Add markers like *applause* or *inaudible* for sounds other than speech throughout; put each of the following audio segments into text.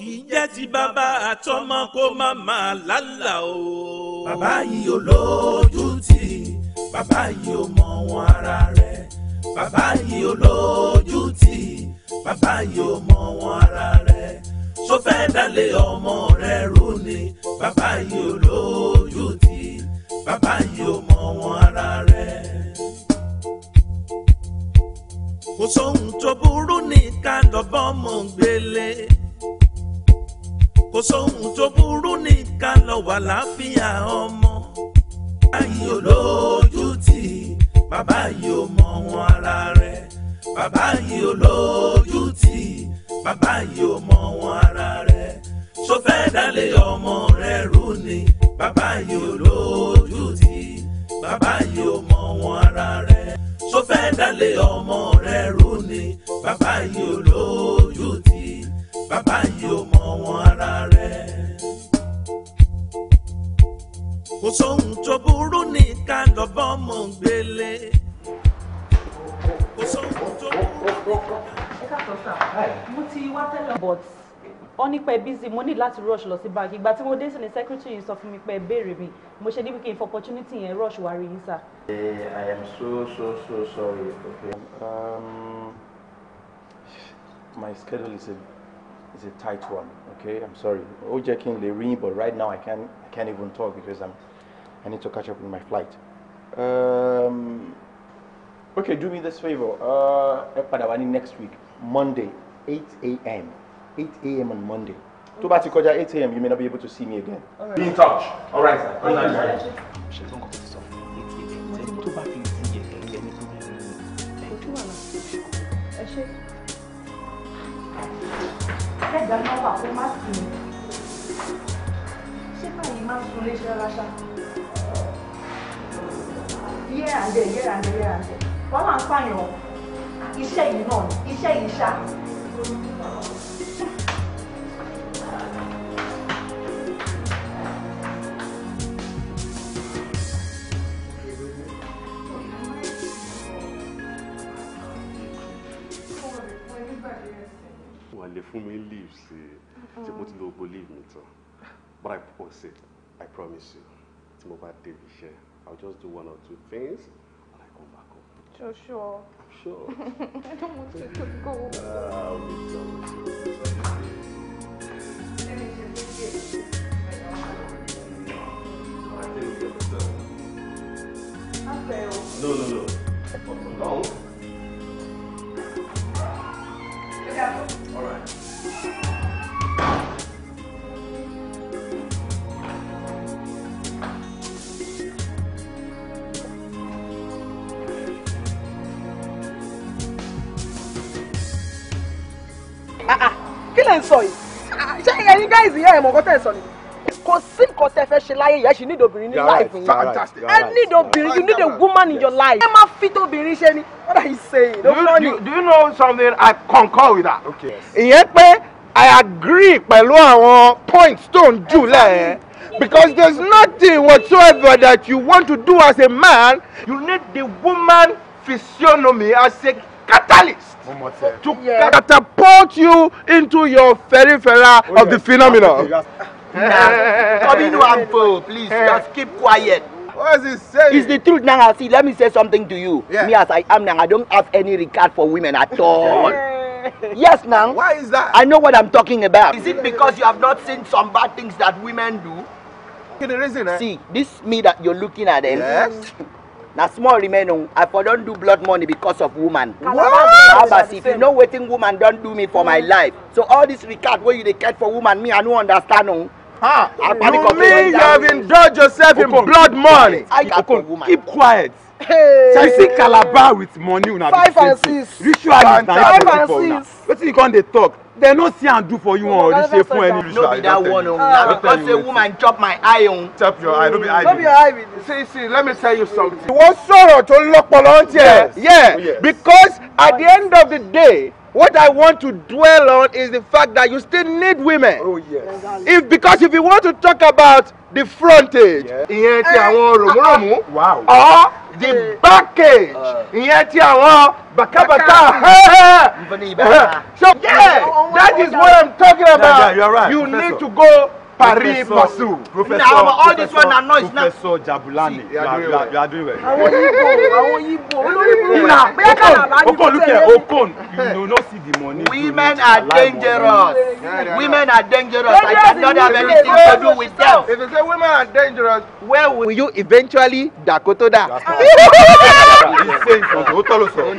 kì í jẹ́ ti bàbá àtọmọ kó má máa lálà o. bàbá yìí ò lójú tì bàbá yìí ò mọ wọn ara rẹ̀ bàbá yìí ò lójú tì bàbá yìí ò mọ wọn ara rẹ̀ tó fẹ́ dalẹ̀ ọmọ rẹ̀ rú ni bàbá yìí ò lójú tì bàbá yìí ò mọ wọn ara rẹ̀. kò sóhun tó burú ní ká dọ̀bọ́n mọ̀ gbélé kò sóhun tó burú ní ká lọ wà láfíà ọmọ. bàbá yìí ò lójú tì bàbá yìí ò mọ wọn ara rẹ̀ bàbá yìí ò lójú tì bàbá yìí ò mọ wọn ara rẹ̀ ṣó fẹ́ dalẹ̀ ọmọ rẹ̀ rú ni bàbá yìí ò lójú tì bàbá yìí ò mọ wọn ara rẹ̀ ṣó fẹ́ dalẹ̀ ọmọ rẹ̀ rú ni bàbá yìí ò lójú tì bàbá yìí ò mọ̀ ara rẹ̀. kò sóhun tó burú ní ká lọ́bọ̀ mọ̀ gbélé. kò sóhun tó burú ní ká lọ́bọ̀ mọ̀ gbélé. but wọ́n ní pé busy mo ní láti rush lọ sí báńkì ìgbà tí mo dé sí ni secretary yìí sọ fún mi pé béèrè mi mo ṣe ní wíkẹ́ for opportunity yẹn rush wá rí yín sá. I am so so so sorry. Okay. Um, my schedule is a it's a tight one. Okay, I'm sorry. Oh, jẹ́ kí n but right now I can't I can't even talk because I'm I need to catch up with my flight. Um, okay, do me this favor. Uh, next week Monday 8 a.m. 8 a.m. on Monday. Tó bá 8 a.m. you may not be able to see me again. Be in touch. All right, sir. kẹ́gbà náà wà kó má sí mi ṣé báyìí má sun lé ṣe ráṣá yẹ́ràndẹ̀ yẹ́ràndẹ̀ yẹ́ràndẹ̀ wọ́n máa ń pààyàn iṣẹ́ yìí náà iṣẹ́ yìí ṣáà. fún mi leave sí ṣe mo ti lo gbogbo leave mi tán but I promise I promise you tí mo bá débi iṣẹ́ I will just do one or two things and I come back home. Sure, sure. I'm sure. *laughs* I don't want you to go. Ah, *laughs* No, no, no. For long. Ah ah, kí lẹ ń sọ yìí ah, ṣé ẹ̀yin gáìsì yẹn ẹ mọ nǹkan sọ ni kò sí nǹkan tẹ́ fẹ́ ṣe láyé yẹn ṣì need obìnrin ní life yẹn ẹ need obìnrin you need a woman in your life ẹ máa fit obìnrin ṣe ni what are you saying. do you, do you know something I concur with that. Okay. ìyẹn pé I agree pẹ̀lú àwọn points tó ń jù Because there's nothing whatsoever that you want to do as a man, you need the woman physiognomy as a catalyst to yeah. catapult you into your peripheral oh, of the phenomenon. Come in one please. Just keep quiet. What is he saying? It's the truth, Nanga. See, let me say something to you. Yeah. Me as I am, Nanga, I don't have any regard for women at all. *laughs* yes, Nang. Why is that? I know what I'm talking about. Is it because you have not seen some bad things that women do? The reason, eh? See, this me that you're looking at, eh? Yes. *laughs* Now, small remain i for don't do blood money because of woman. Abbas. if you know waiting woman don't do me for my hmm. life so all this regard where you dey get for woman me i no understand o. Oh. Ah, you mean you have indulged yourself in blood money? Okon, keep quiet. Hey. So you see Calabar with money una be the same thing. Ritual is na it go for una. you come dey talk? They no see and do for you on Orise for any ritual. No be that one o. Na because say woman chop my eye o. Oh. Chop your eye, Don't be eye. Don't be eye be this. See see, let me tell you something. Ìwọ sọ̀rọ̀ tó lọ́pọlọ ń tiẹ̀. Yeah, oh, because at the end of the day, What I want to dwell on is the fact that you still need women. Oh yes. If because if you want to talk about the frontage. Ìyẹn ti Wow. Or the backage. Uh. Ìyẹn ti àwọn *laughs* So yeah, that is what I'm talking about. Yeah, yeah, you right. You need to go Paris Pasu. Professor, now, all this one are noise now. Professor Jabulani, you are, you are, you are doing well. Àwọn Igbo, àwọn Igbo, olórí Ina, Okon, look here, Okon, you do not see the money. Women are dangerous. Women are dangerous. I cannot have anything to do with them. If you say women are dangerous, where will you eventually Dakota? yìí you because you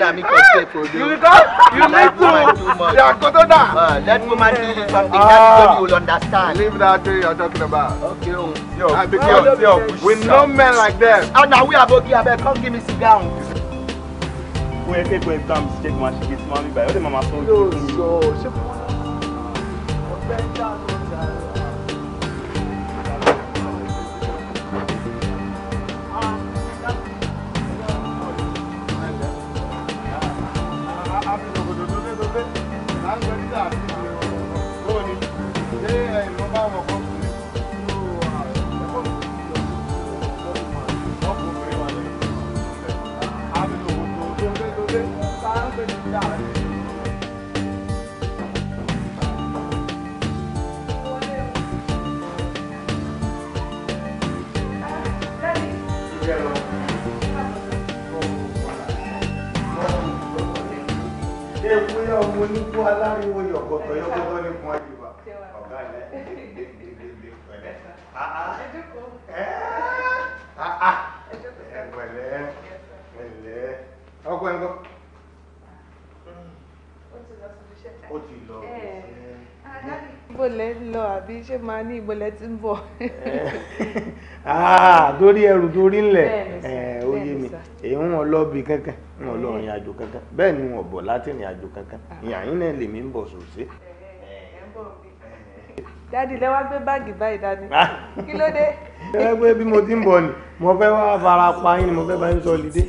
need to ṣe àkótó náà. let me do something that nobody will understand. leave that thing you're talking about. okay yo yo no men like them. ana we abogi abeg come give me cigar. o yẹ kẹ́kọ̀ọ́ ẹ̀ka mi ṣe jẹ́ kí n máa ṣe kí n máa Yeah. ewu yá ọmọ oníkú aláriwo yọ̀gọ̀tọ̀ yọ̀gọ̀tọ̀ ní kun àjùbà ọ̀gá ilẹ̀ pẹ̀lẹ́ ah, ah. Eh. Ah, eh, pẹ̀lẹ́ pẹ̀lẹ́ ọkọ ẹ̀ ń kọ́. Mm. ó ti lọ ìbọlẹ̀ eh. ń lọ àbí ṣé máa ní ìbọlẹ̀ tí ń bọ̀. lórí *laughs* ẹrù dorí ńlẹ̀ ó yé mi èyí wọn lọ bí kankan wọn lọ rìn àjò kankan bẹ́ẹ̀ ni wọn bọ̀ láti rìn àjò kankan ah. ìyàyín náà lèmi ń bọ̀ sòsè. dádì lẹ wá gbé báàgì báyìí dání ah. kí ló dé. ẹ gbé bí mo ti ń bọ̀ ni mo fẹ́ wá fara pa yín ni mo fẹ́ bá yín sọ lídé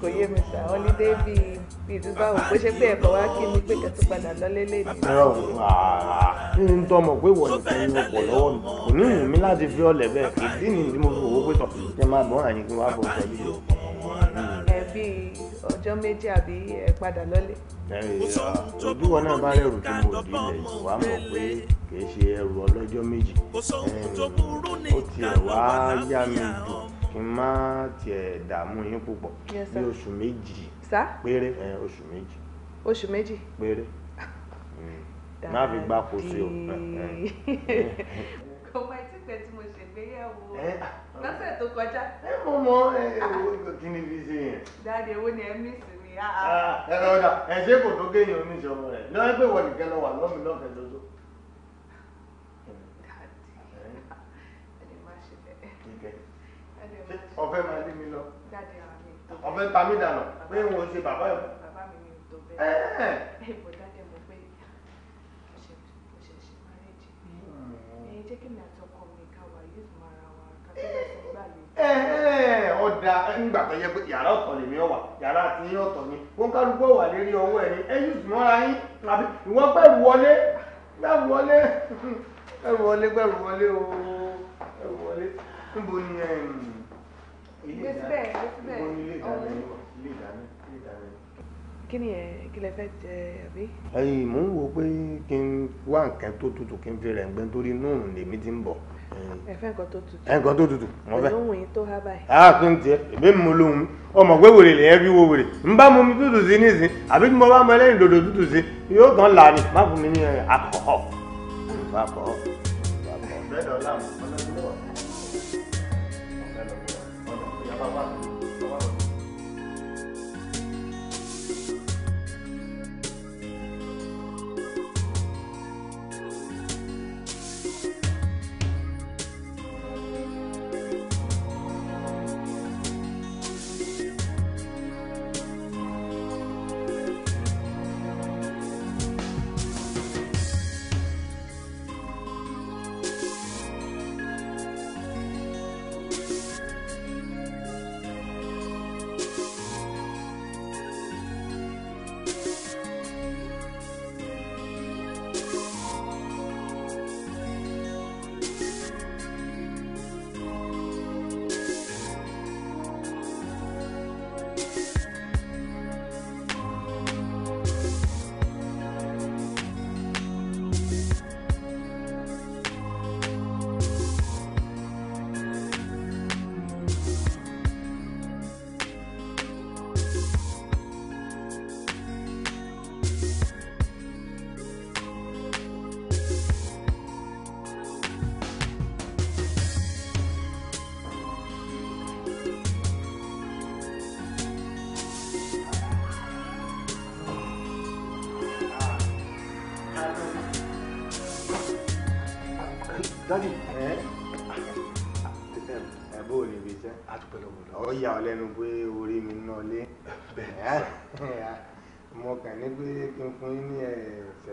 kò yé mi sá ọlídé bíi bíi dúbà wò bó ṣe pé ẹ̀kọ́ wá kí mi pé kẹ́tù padà lọ́lé lè ní. ẹ ọ kí n tọ́ mọ̀ pé ìwọ nìkan ni o pọ̀ lọ́wọ́ mi kò ní ìwọ̀n mi láti fi ọ̀lẹ̀ bẹ́ẹ̀ kì í dín ní ìdí mo fi òwò pé tọ̀ ṣe máa bọ̀ àyìn kí n wá bọ̀ pẹ̀lú ìlú. ẹ bíi ọjọ́ méjì àbí ẹ padà lọ́lé. ojú wọn náà bá rẹ̀rù tí mo dì ilẹ̀ yìí wàá mọ̀ pé kì í ṣe ẹrù ọlọ́jọ́ méjì ó tiẹ̀ wá yá mi dùn kí n má tiẹ̀ dààmú yín púpọ̀ ní oṣù méjì péré oṣù méjì oṣù méjì péré *laughs* má fi gbá kó sí o. kò mọ etí pé tí mo ṣègbéyàwó ah. lọ́sẹ̀ tó kọjá. ẹ mọ mọ ẹ kí ni fi ṣe yẹn. dáadé owó ni ẹ mí sí mi. Ah, ah. ẹ rọra ẹ ṣe kò tó kéèyàn oníṣẹ́ ọmọ rẹ̀ lọ́wọ́ pé wọ́n nìkan lọ wà lọ́mìnà kẹjọ ọ̀fẹ́ máa lé mi lọ ọ̀fẹ́ ta mí dànù pé n bàbá mi ọ̀dà ńgbà tó yẹ pé yàrá ọ̀tọ̀ lèmi ọ̀wà yàrá àti yín ọ̀tọ̀ ni wọ́n kálukú ọ̀wà lérí ọwọ́ *laughs* gbèsè gbèsè ọ̀hún. kí ni ẹ kí lẹ fẹ́ jẹ àbí. ẹ̀yin mò ń wo pé kí n wá nǹkan tó tutù kí n fi rẹ̀ gbẹ́ torí inú òun lèmi ti ń bọ̀. ẹ fẹ́ nǹkan tó tutù. ẹ nǹkan tó tutù mo fẹ́. ìlóhùn yìí tó há báyìí. a ah, kì í tiẹ̀ èmi mú lóhùn mi ọmọ pé wèrè lè ẹ́ bí wo wèrè n bá mu mi tútù sí nísìn àbí mo bá mọ ẹlẹ́yìn dòdò tútù sí yóò kàn là ní má fún mi ní alcohol. Eh, alcohol. bẹ́ẹ̀ ni ọlá 好吧。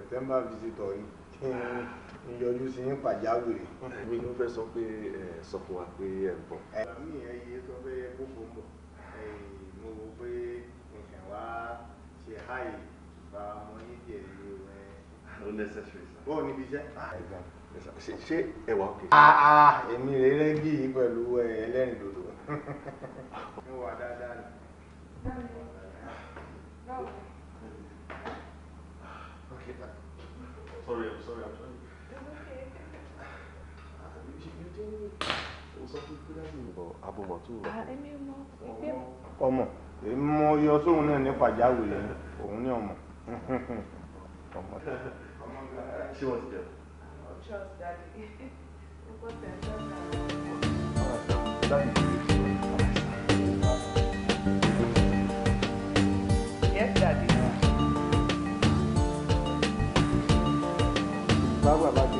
september visitor yìí kí n yọjú sí ní pàjáwìrì. mi ló fẹ́ sọ pé ẹ sọ fún wa pé ẹ ń bọ̀. ẹ̀rọ mi yẹn yé sọ pé kó fò ń bọ̀ mo wò pé nǹkan wá ṣe háì bá ọmọ yín díẹ̀ ní ìwẹ̀. ó necessary sir. bọ́ọ̀ níbi iṣẹ́. Ah, ṣé ẹ wà òkè. Ah, ah, èmi rẹ̀ rẹ́gì pẹ̀lú ẹlẹ́rìn dòdò. mo *laughs* wà dáadáa ni. báwo ni kita. Sorry, I'm sorry, I'm sorry. ọmọ mo yọ sóhun náà ní pàjáwìrì òun ní ọmọ ọmọ ṣé wọn ti jẹ. Trust daddy. bá bàbá jẹ.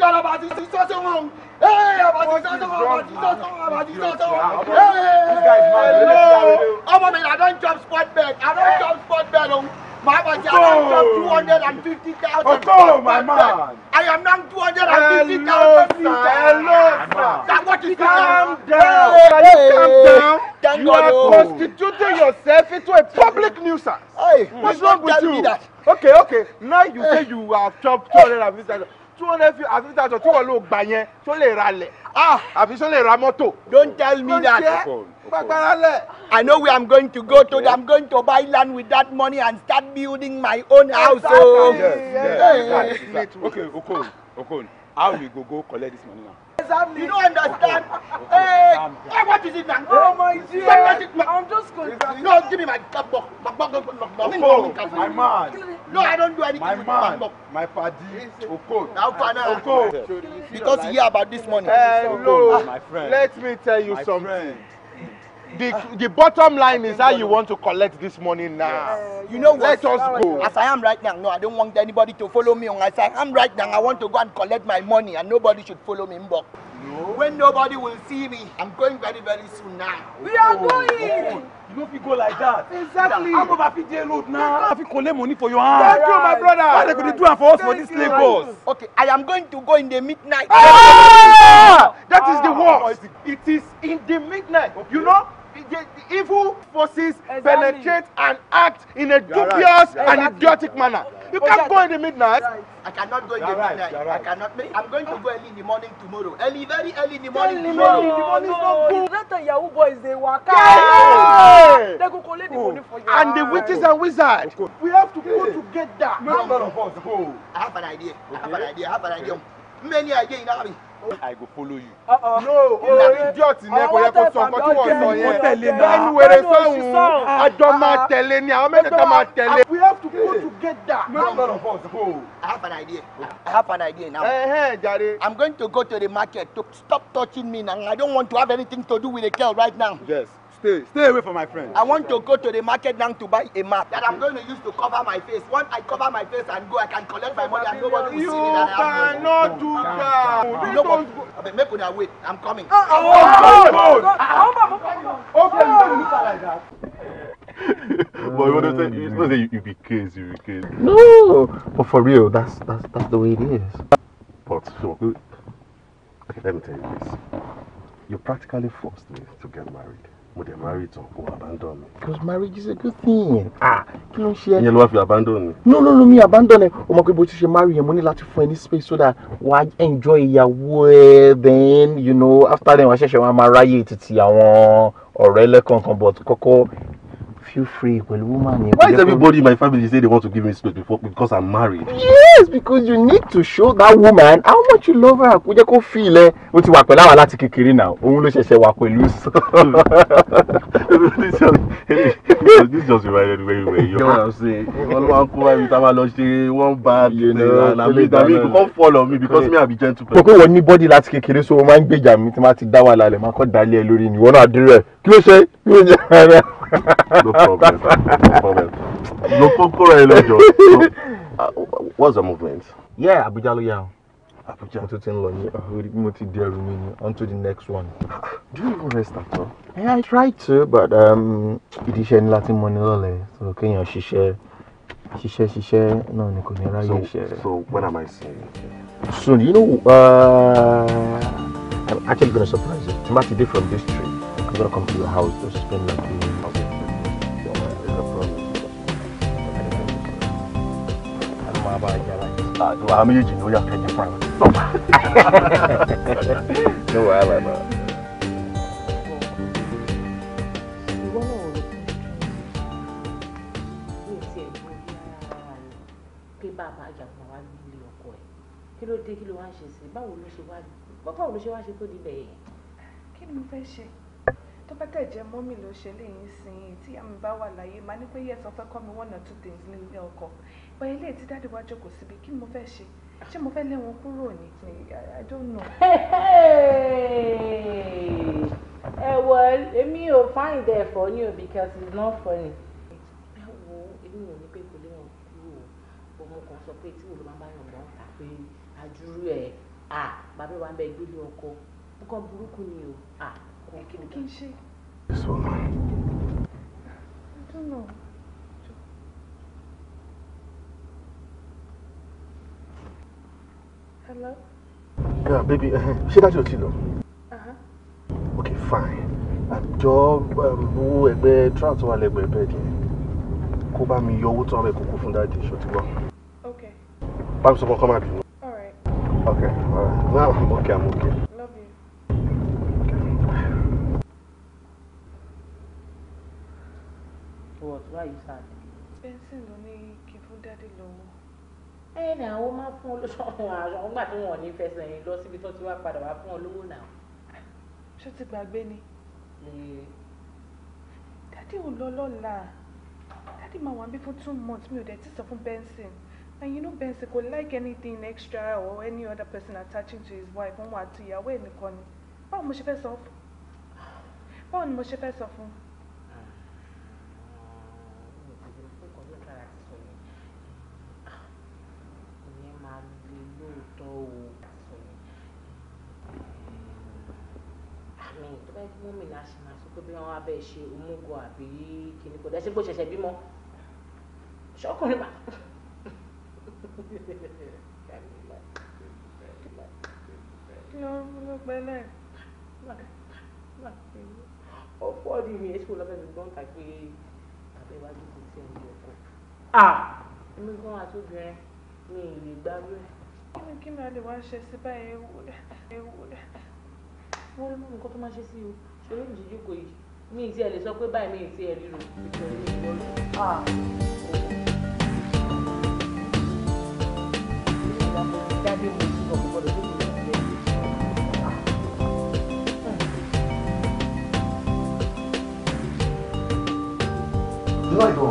gan abàtì sí sọ́sọ́ wọn o abàtì sọ́sọ́ wọn abàtì sọ́sọ́ wọn abàtì sọ́sọ́ wọn ọmọ mi I don jump spot bed I don jump spot bed o. My budget, I am two hundred and fifty thousand. Oh, my man. I am now two hundred and fifty thousand. Hello, sir. That what is calm down. calm down. Thank you God, are constituting yourself into a public nuisance. Hey, what's wrong with you? Okay, okay. Now you say you have chopped two hundred and fifty thousand two hundred fifty àti tàtọ̀ tí wọ́n lò gbà yẹn tó lè ra lẹ̀ ah, àfi tó lè ra mọ́tò. don't tell me that. gbàgbára lẹ̀. I know where I'm going to go to. I'm going to buy land with that money and start building my own house. Oh. Okay, Okon, Okon, how we go go collect this money now? You don't understand. hey, hey, what is it now? Oh my dear. What it, I'm just confused. No, give me my book. My book. Oko, my man. No, I don't do anything. My man. My paddy. Oko. Now, Fana. Oko. Because you hear about this money. Hello, my friend. Let me tell you something the the bottom line is how you want to collect this money now. Uh, you know what? Let us go. As I am right now, no, I don't want anybody to follow me. As I am right now, I want to go and collect my money, and nobody should follow me. Mbok. No. When nobody will see me, I'm going very very soon now. We are oh, going. Oh. You know if go like that. Exactly. How about if you road now? If you collect money for your hand. Thank you, my brother. Why they going to do it for us for this Lagos? Okay, I am going to go in the midnight. Ah! ah! That is the ah! worst. It is in the midnight. You know. The evil forces exactly. penetrate and act in a dubious right. and exactly. idiotic manner. You can't go in the midnight. Right. I cannot go in the midnight. Right. I cannot. Make, I'm going to go early in the morning tomorrow. Early, very early in the morning early tomorrow. Early in the morning no, is not good. Let the Yahoo boys they work out. They go collect the money for you. And the witches and wizards. We have to go together. No, none of us I have an idea. Okay. I have an idea. I have an idea. Okay. Many ideas in having. I go follow you. No, ìlànà idiot ni ẹ kò yẹ kó sọ nǹkan tí wọ́n sọ yẹn. Bẹ́ẹ̀ni wèrè sọ̀hún, àjọ máa uh-uh. tẹ̀lé ni, àwọn mẹ́tẹ̀ẹ̀ta máa tẹ̀lé. Uh, we have to go together. No, no, no, no. I have an idea. I have an idea now. Hey, eh, eh, jare. I'm going to go to the market to stop touching me now. I don't want to have anything to do with the girl right now. Yes. Stay, stay away from my friends. I want to go to the market now to buy a map that I'm going to use to cover my face. Once I cover my face and go, I can collect my money and nobody will you see me that I have money. You cannot do that. No, no, no. Don't go. Okay, make una wait. I'm coming. Uh, I won't God! Go. Ah, ah, oh okay, you don't look like that. *laughs* but you want to say, you say you be crazy, you be crazy. No, but for real, that's that's that's the way it is. But sure. Okay, let me tell you this. You practically forced me to get married. mo dẹ̀ marry tán kò abandon mi. because marriage is a good thing. ah kí ló ń ṣe ẹ. ìyẹn ló wá fi abandon mi. no no no mi abandon ẹ o mọ̀ pé bó ti ṣe marry yẹn mo ní láti fún ẹ ní space so that wà á enjoy ìyàwó ẹ then you know after then wà á ṣẹ̀ṣẹ̀ wà á máa ráyè títí àwọn ọ̀rẹ́ lẹ́kọ̀ọ̀kan but kọ́kọ́ feel free pẹ̀lú woman yẹn. why is everybody in my family say they want to give me space before because i'm married. yes because you need to show that woman how much you love her kó jẹ́ kó fi ilẹ̀ o ti wà pẹ̀lú àwa láti kékeré náà òun ló ṣẹ̀ṣẹ̀ wà pẹ̀lú. *laughs* this just reminded me where you are. wọ́n wá ń kó wáyé tá a máa lọ ṣe one bad thing and i mean that mean you come follow me because me i be gentle person. kò pé wọ́n ní body láti kékeré so o máa ń gbèjà mi tí wọ́n ti dá wàhálà lẹ̀ máa kọ́ dalẹ̀ lórí ni wọ́n náà dúró ẹ̀ kí ló ṣe kí ló jẹ ara. no problem no problem lo kókóra ẹ lọ́jọ́ what's the movement. yeah Abuja ló yà o. Abuja tó ti ń lọ ní ah, orí mo ti di mi ni on to the next one. Ah, do you even rest at all. I try to but um, ìdí iṣẹ́ ńlá tí mo ní lọ́lẹ̀ so kéèyàn ṣiṣẹ́ ṣiṣẹ́ ṣiṣẹ́ náà ni kò ní ráyè iṣẹ́ rẹ̀. so when am I seeing you. soon you know uh, I'm actually gonna surprise you. tomati dey from this tree welcome to your house. Just spend like two minutes. Àwọn méjèèjì ló yà fẹ́ jẹ́ fún àwọn. Ní wàhálà náà. kí ló dé kí ló wá ṣe sí báwo ló ṣe wá báwo ló ṣe wá ṣe tó di bẹ́ẹ̀ yẹn. kí ni mo fẹ́ ṣe tó bá tẹ̀ jẹ́ mọ́mì ló ṣe léyìn sìn tí àmì bá wà láyé máa ní pé yẹ́sọ fẹ́ kọ́ mi one or two things nílé ọkọ pé ilé tí dáàdi wá jókòó síbi kí ni mo fẹ́ ṣe ṣé mo fẹ́ lé wọn kúrò ní I don't ẹ wọ èmi ò find there for you because it's not funny. ẹ wo èmi ò ní pé kò lé wọn kúrò o mo sọ pé tí wo bá yàn lọ tà pé àdúrú ẹ à bàbá wa ń bẹ gbélé ọkọ nǹkan burúkú ni o kí ni kí this woman. i don't know. hello. yeah baby eh, ṣé dájú ò tí lọ. Uh-huh. okay fine àjọ um, wo ẹgbẹ́ trans wà lẹ́gbẹ̀ẹ́ bẹ́ẹ̀ díẹ̀ kó bá mi yọ owó tó wà bẹ́ẹ̀ kókó fún dáàdì ṣó ti okay. bá mi sọ fún ọkọ all right. okay all right now i'm okay i'm okay. báyìí sáà. benson ló ní kí n fún dáàdì lọ́wọ́. ẹ ní àwọn máa fún olóṣù *laughs* àwọn àwọn gbà tí wọn ò ní fẹsẹ̀ yìí lọ síbi tó ti wá padà wá fún olówó náà. ṣó ti gbàgbé ni. dáàdì ò lọ lọ́la dáàdì máa wà níbí fún two months mi ò dẹ̀ ti sọ fún benson. And you know Benson could like anything extra or any other person attaching to his wife òun àti ìyàwó ẹ̀ nìkan ni. Báwo mo ṣe fẹ́ sọ fún? Báwo ni mo ṣe fẹ́ sọ fún? wo ah. fún mi. àmì tó bá yẹ kí mọ́mì náà ṣe máa sọ pé bí wọ́n wá ṣe omúgo àbí kìnnì kò dẹ́sí pé ṣẹ̀ṣẹ̀ bímọ ṣọkùnrin bá. ọ̀pọ̀ ọdún mi èso lọ́bẹ̀ mi gbọ́n kà pé bàbá iwájú kò sí ẹni ọkọ. èmi gan àtúbìrin mi ì lè gbárù ẹ̀ kí ni kí ni a lè wá ṣe sí báyìí ewu ewu wọ́n mú nǹkan tó máa ṣe sí o ṣòro ìjì jókòó yìí mi ì tí ẹ lè sọ pé mi ì tí ẹ ah. dábì mo ti bọ̀ gbọ́dọ̀ tó kù lọ́wọ́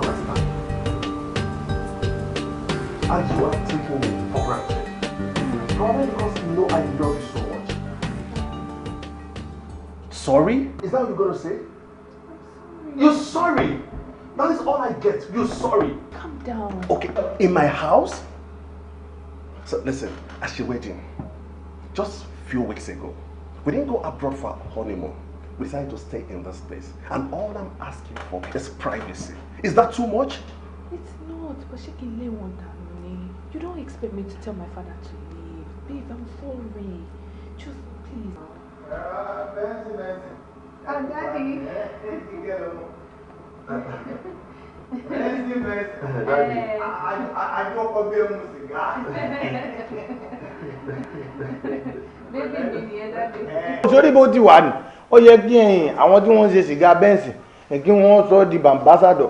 only because you know I love you so much. Sorry? Is that what you're gonna say? You're sorry! That is all I get. You're sorry. Calm down. Okay, in my house? So listen, at your wedding, just a few weeks ago, we didn't go abroad for our honeymoon. We decided to stay in this place. And all I'm asking for is privacy. Is that too much? It's not, but she can lay one down. You don't expect me to tell my father to you. Babe, I'm sorry. Just please. Uh, fancy, fancy. Oh, Daddy. Fancy, fancy. Daddy. I don't obey music. Sórí bó ti wà ní, ó yẹ kí àwọn tí wọ́n ń ṣe sìgá bẹ́ǹsì e kí wọ́n sọ di bàmbásádọ̀.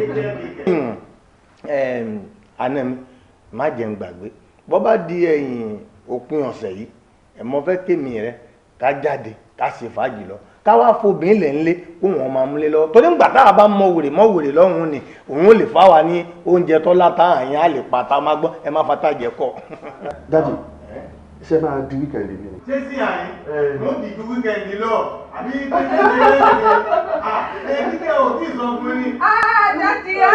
Hmm. àná mi má jẹun gbàgbé bọ́ bá di ẹ̀yìn òpin ọ̀sẹ̀ yìí ẹ̀mọ́ fẹ́ kémi rẹ ká jáde ká ṣe fàájì lọ káwá fobìnrin lẹ̀ ń lé kó wọn máa múlé lọ torí ńgbà tá a bá mọ wèrè mọ wèrè lọ́hùn ni òun lè fáwa ní oúnjẹ tọ́lá tá àyàn á lè pa tá a má gbọ́ ẹ má fa tá a jẹ kọ́. dájú iṣẹ́ máa di wíkẹ̀ndì mi. ṣé sí àyè ló di ju wíkẹ̀ndì lọ àbí kíkẹ́ ní lẹ́yìn ẹ kíkẹ́ ò tí ì sọ fún mi. á jáde á.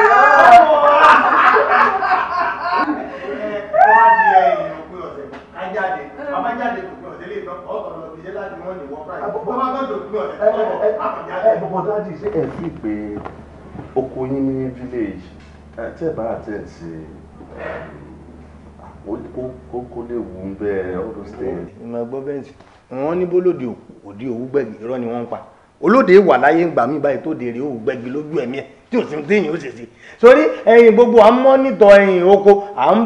ẹ wá di ẹ̀yìn òpin ọ̀sẹ̀ ká jáde a máa jáde òpin ọ̀sẹ̀ lè tán ọ̀tọ̀ lọ fi ṣe láti wọ́n ní wọ́n fúráì tó bá gbọ́dọ̀ òpin ọ̀sẹ̀ tó bọ̀ á kàn jáde. ẹ bọ́bọ́ dájú ṣé ẹ fi pé oko yín ní village tẹ́ẹ̀ bá àtẹ̀ǹtì kókó lè wù ú bẹ́ẹ̀ all those ìmọ̀ ẹgbọ́ bẹ́ẹ̀ wọ́n ni wọ́n pa olóde wà láyé ń gbà mí báyìí tó dèrè òwú gbẹ̀gì tí ò ó sì sí sórí ẹyin gbogbo à ń mọ́nítọ̀ ẹ̀yìn oko à ń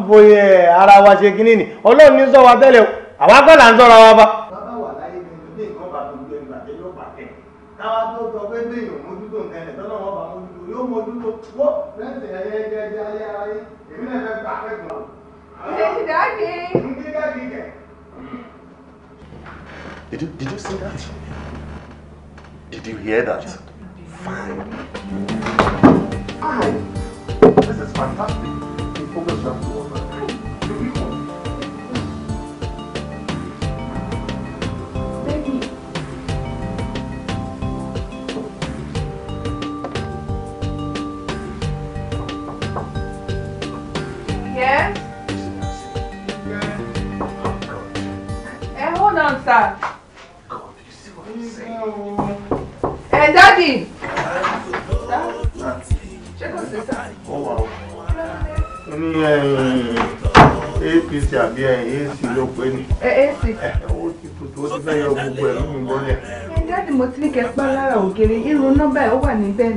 ara wa ṣe kínní ni ọlọ́run ní sọ wa tẹ́lẹ̀ ń wa bàbá wà láyé ní ilé Did you, did you see that? Did you hear that? Fine. Fine. This is fantastic.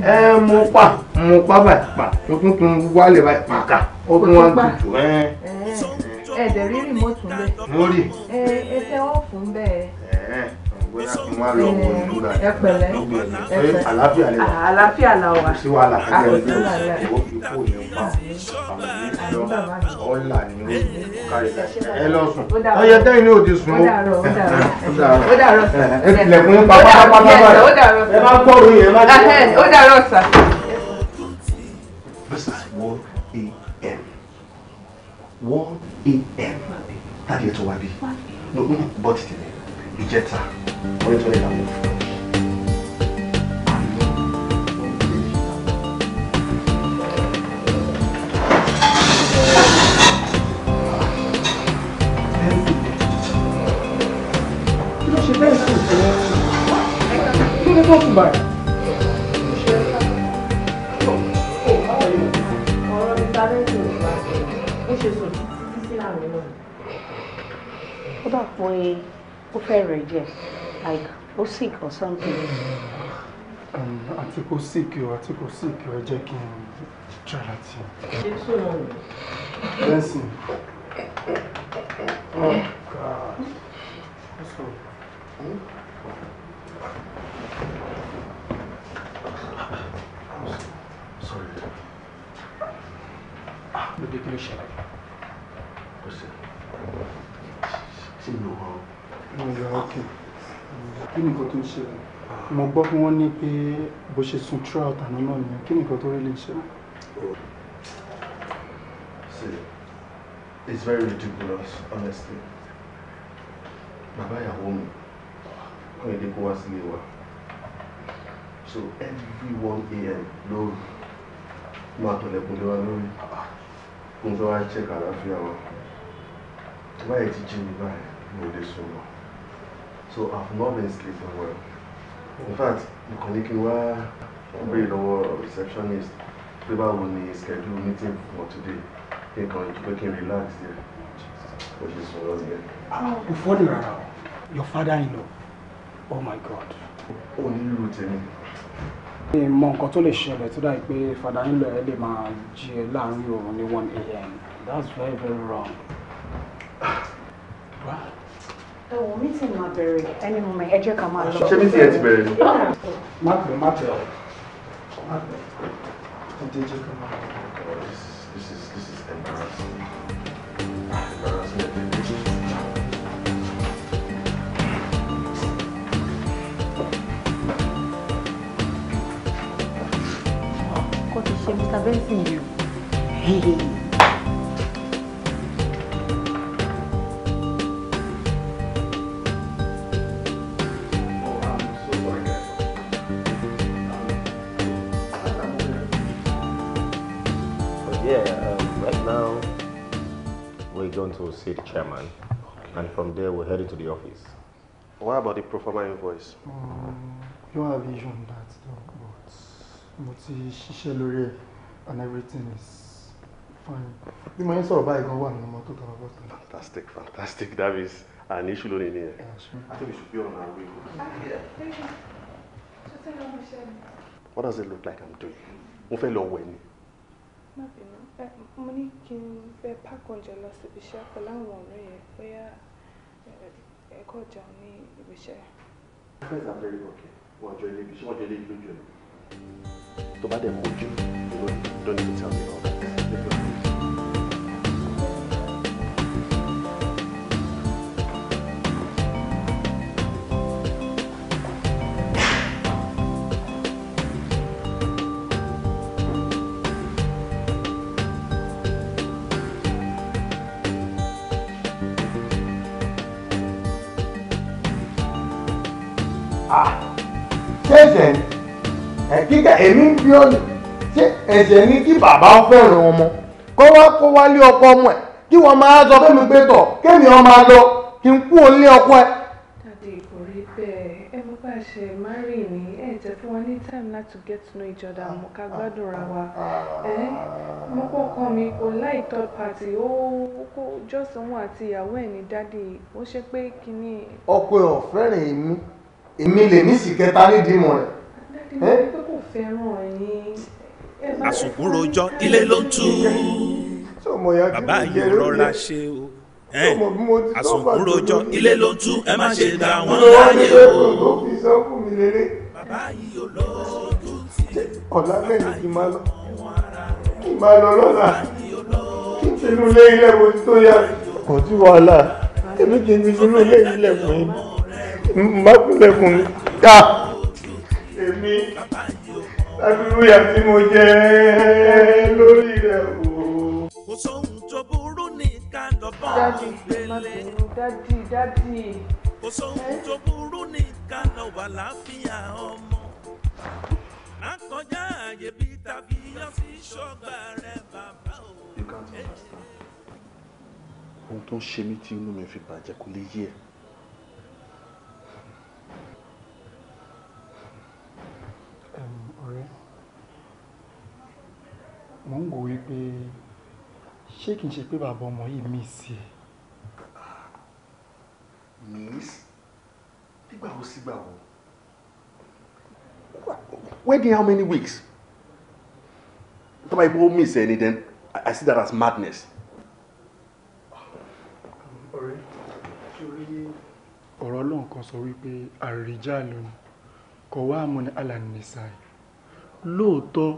ẹ mo pa mo pa báyìí pa mo tún tún wálẹ̀ báyìí pàkà ó tún wá tutù ẹ. ẹ dẹ̀ rí rìmọ́tù ń bẹ̀. mo rí. ẹ ẹ tẹ ọ́ọ̀fù ń bẹ̀. ẹ bóyá kí n wá lọ wọ ìlú rà ẹ pẹ̀lẹ́ ẹ pẹ̀lẹ́ àlàáfíà lè wà ah, àlàáfíà là wàhálà kájọ ìlú ìwọ ìkó ní ni ó yẹ ẹ lọ sùn ọyẹ tẹ́yìn ní òde sùn ó dàrọ ẹ tilẹ̀kùn pa pátápátá báyìí ẹ ó dàrọ sà. this is one a.m. one a.m. tàbí ètò wa bí no no bọ́ọ̀tì tẹ̀lé ìjẹta ọ̀rẹ́ tó lè dàgbò. Wake up, Bart. ó dà pé ó fẹ́ rẹ̀ díẹ̀ like ó sick or something. Um, àti kò sick o àti kò sick o ẹ jẹ́ kí n try láti. ṣé sọ̀rọ̀ rẹ̀. bẹ́ẹ̀ sì. mo gbọ́ fún wọn ní pé bó ṣe sun throughout àná náà nìyẹn kí nìkan tó rí lè ṣe. it's very ridiculous honestly bàbá ìyàwó mi wọn èdè kó wá sílé wa so every one a.m. lóru máa tọ̀lẹ̀kùn lé wa lórí kó n fẹ́ wá check àlàáfíà wa tó báyìí ti jí mi báyìí mi ò lè sùn lọ so I've not been sleeping well in fact the colleague ní kí n wá receptionist pé báwo ni schedule meeting for today kí n kàn pé kí n relax there ó ṣe sọ̀rọ̀ nìyẹn. Ah, kò fọ́ọ̀nù rárá o your father-in-law oh my god. ó ní irú tèmi. mi mọ nǹkan tó lè ṣẹlẹ̀ tó dáa pé father-in-law ẹ lè máa jí ẹ láàrin òun ní one a.m. that's very very wrong. Ah. Wow ẹ̀wọ̀n mi ti máa bẹ̀rẹ̀ ẹni mo mọ̀ ẹ jẹ́ ká máa lọ. ṣé mi ti ẹ ti bẹ̀rẹ̀ ni. má pẹ́ má pẹ́ má pẹ́ is this is embarrassing. Embarrassing. ṣe mr benson yìí. John to see the chairman, okay. and from there we're heading to the office. What about the pro forma invoice? Um, mm, you don't have vision on that, though, but mo ti ṣiṣẹ́ and everything is fine. The mo yín sọ̀rọ̀ báyìí one. wà nínú mọ́tò tó bá Fantastic, fantastic. That is an issue lónìí ni ẹ̀. I think we should be on our way. Yeah. What does it look like I'm doing? Mo fẹ́ lọ wẹ̀ Nothing mo ní kí n fẹ́ pack oúnjẹ lọ síbi iṣẹ́ pẹ̀lú àwọn ọ̀rẹ́ yẹn bóyá ẹ̀kọ́ jẹun ní ibi iṣẹ́. friends are very okay wọ́n jọ ilé ibi iṣẹ́ wọ́n jọ ilé ibi lójú ẹ̀. tó bá dẹ̀ don't even tell me all. èmi ń bí ọ ṣé ẹ̀ṣẹ̀ ni kí bàbá ó fẹ́ràn ọmọ kó wá kó wálé ọkọ ọmọ ẹ̀ kí wọ́n máa sọ fún mi pé tọ̀ kémi ọmọ lọ kí n kú òun lé ọkọ ẹ̀. dàdé kò rí bẹ́ẹ̀ ẹ mú bá ṣe márì ní ẹ jẹ́ fún wa ní time láti get to know each other àmọ́ ká gbádùn ra wa mọ́kànkan mi kò láì third party ó kó jọ́sọ̀mù àti ìyàwó ẹ̀ ní dádì ó ṣe pé kínní. ọkọ ẹ ò fẹ́ràn èmi èmi lèmi sì kẹta nídìí mọ̀ rẹ̀ àsùnkún rojọ́ ilé ló tú bàbá yìí rọra ṣe o àsùnkún rojọ́ ilé ló tú ẹ má ṣe dá wọn láyé o bàbá yìí ò lójú tí ọ̀la lẹ́yìn kì máa lọ kì máa lọ lọ́la kí n tinú lé ilé wo tó yá kò tí wàhálà èmi kì í tinú lé ilé wo yìí má kúnlẹ̀ fún mi èmi lábírúyà tí mo jẹ lórí rẹ o. kò sóhun tó burú ní kálọ̀bọ̀n ìgbélé. kò sóhun eh? tó burú ní kálọ̀wà láfíà ọmọ. akọjá àyè bí tàbí yọ sí rẹ bàbá o. Eh? ohun tó ń ṣe mí tí inú mi fi bàjẹ́ kò lè yé ẹ. pé ṣé kìí ṣe pé bàbá ọmọ yìí mí sí ẹ. miss nígbà wo sígbà wo wedding how many weeks tó bá miss ẹni then I see that as madness. ọ̀rẹ́ torí ọ̀rọ̀ ọlọ́run kan sọ wípé àrìjà lónìí kọ̀wá àmúni alàníṣà lóòótọ́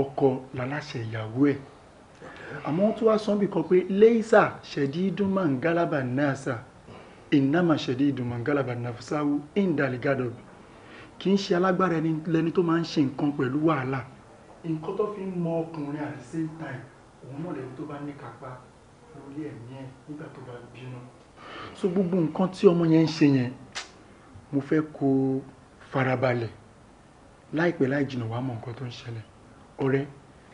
ọkọ láláṣẹ ìyàwó ẹ̀ àmọ́ wọ́n tún wá sọ́nbì kan pé lẹ́yìnsà ṣẹ̀dí ìdúnmọ̀ ń gálàbà náà sà ìnáma ṣẹ̀dí ìdúnmọ̀ ń gálàbà náà sáwú ìndàlígàdọ̀bì kì í ṣe alágbára ẹni lẹni tó máa ń ṣe nǹkan pẹ̀lú wàhálà nǹkan tó fi ń mọ ọkùnrin at same time òun náà lẹni tó bá ní kápá lórí ẹ̀mí ẹ̀ nígbà tó bá bínú so gbogbo nǹkan tí ọmọ yẹn ń ṣe yẹn mo fẹ́ kó farabalẹ̀ láìpẹ́ láì jìnnà wàá mọ nǹkan tó ń ṣẹlẹ̀ ọ̀rẹ́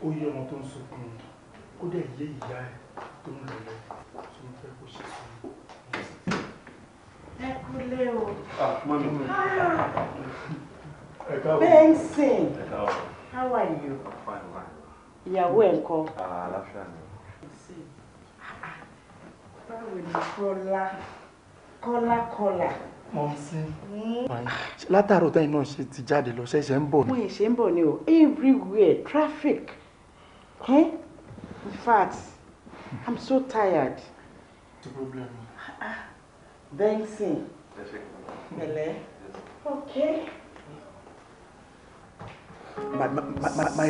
ó yé ọmọ tó ń sunkún ó dẹ̀ yé ìyá ẹ̀ tó ń lọlẹ̀ tó ń fẹ́ kó ṣe sí i. ẹ kúlé o. Ah. Benson how are you? ìyàwó ẹ̀ ńkọ́. aláfíà ah, ni. Ah, báwo ni kọ́lá kọ́lá kọ́lá mọ̀nsí. látàárọ̀ tẹ́yìn náà ṣe ti jáde lọ ṣẹ̀ṣẹ̀ ń bọ̀ ni. mo ṣẹ̀ṣẹ̀ ń bọ̀ ni o everywhere traffic eh? in fact i'm so tired. no problem. benson pẹ̀lẹ́ ok. ma My my my ma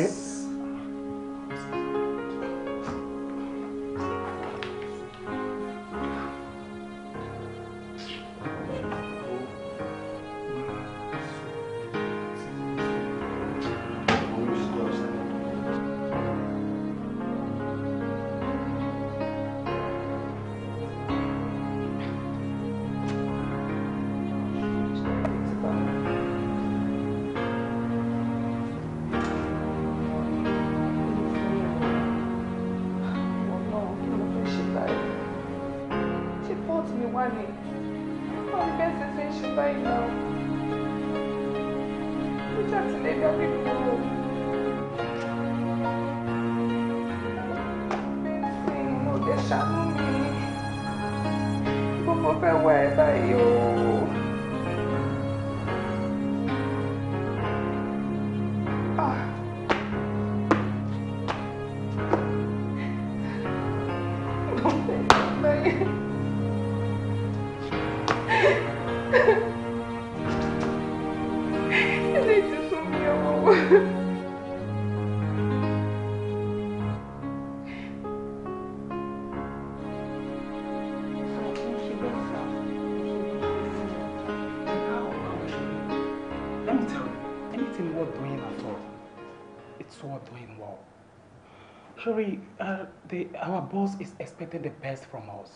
sorry uh, the, our boss is expecting the best from us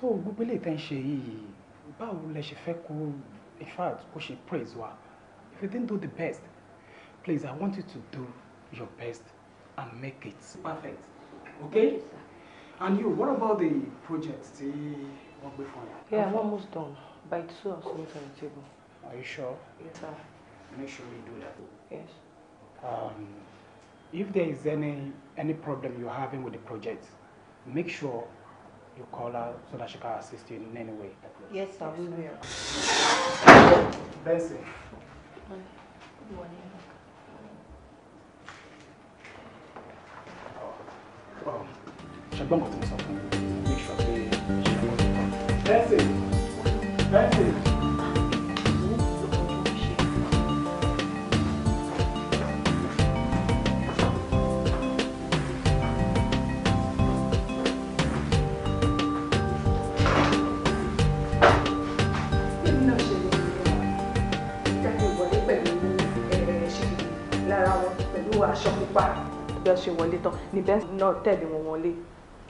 so gbogbo ilé ìtẹ́ ń ṣe yìí báwo lẹ ṣe fẹ́ kó in fact kó ṣe praise wa if you didn't do the best please i want you to do your best and make it perfect okay and you what about the project tí wọ́n gbé fún yà. yeah i'm almost done by two i'm still on the table. are you sure. yes sir. make sure you do that. yes. Um, if there is any any problem you're having with the project, make sure you call her so that she can assist you in any way. Yes, sir, we will. Benson. Good morning. Oh, ṣùgbọ́n kò tún sọ fún mi. Make sure pé ṣe é. Benson. Benson. ṣe wọlé tán ní bẹ́ẹ̀ náà tẹ̀lé wọn wọlé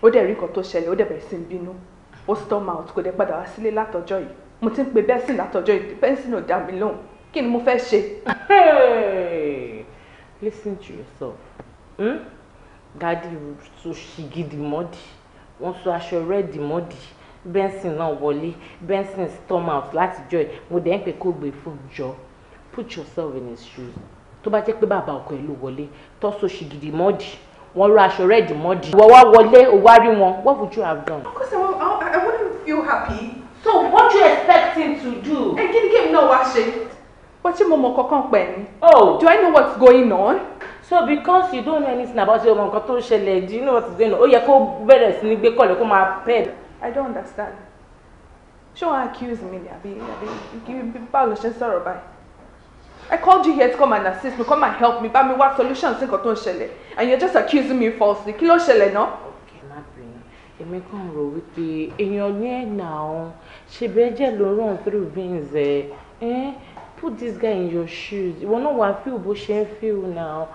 ó dẹ̀ rí nǹkan tó ṣẹlẹ̀ ó dẹ̀ bẹ̀rẹ̀ sí bínú ó storm out kò dẹ̀ padà wá sílé látọjọ́ yìí mo ti ń pe bẹ́ẹ̀sì látọjọ́ yìí bẹ́ẹ̀sì náà dá mi lóhùn kí ni mo fẹ́ ṣe. listen to yourself hmm? dadi so ṣìgìdì mọ́dì wọ́n so aṣọ rẹ́ẹ̀dì mọ́dì benson náà wọlé benson storm out látijọ́ yìí mo dẹ̀ ń pè kó gbé fún jọ put yourself in his shoes tó bá jẹ́ pé bàbá ọkọ ẹ̀ ló wọlé tọ́sọ ṣìgìdì mọ́ọ̀dì wọ́n rọ aṣọ rẹ́ẹ̀dì mọ́ọ̀dì ìwọ wá wọlé o wá rí wọn what would you have done. of course I, I, I wouldn't feel happy. so what do you expect him to do. ẹ kí ni kí èmi náà wá ṣe. but ṣé mo mọ kankan pẹ̀ ni. oh do I know what's going on. so because you don't know anything about your mom tó ń ṣẹlẹ̀ do you know what's going on ó yẹ kó bẹ̀rẹ̀ sí ní gbé kọ̀lẹ́ kó máa pẹ́. I don't understand. ṣé wọ́n accuse me ni àbí àbí báwo ló ṣe ń sọ̀rọ̀ báyìí. I called you here to come and assist me, come and help me, bá me what solution sí nǹkan tó ń and you're just accusing me falsely. Kí ló ṣẹlẹ̀ náà? Okay, má bínú. Èmi kàn rò the èèyàn ní ẹ̀nà ọ̀hún ṣe bẹ́ẹ̀ jẹ́ ló ràn through veins Eh, Put this guy in your shoes. Ìwọ náà wàá fíìl bó ṣe ń fíìl náà.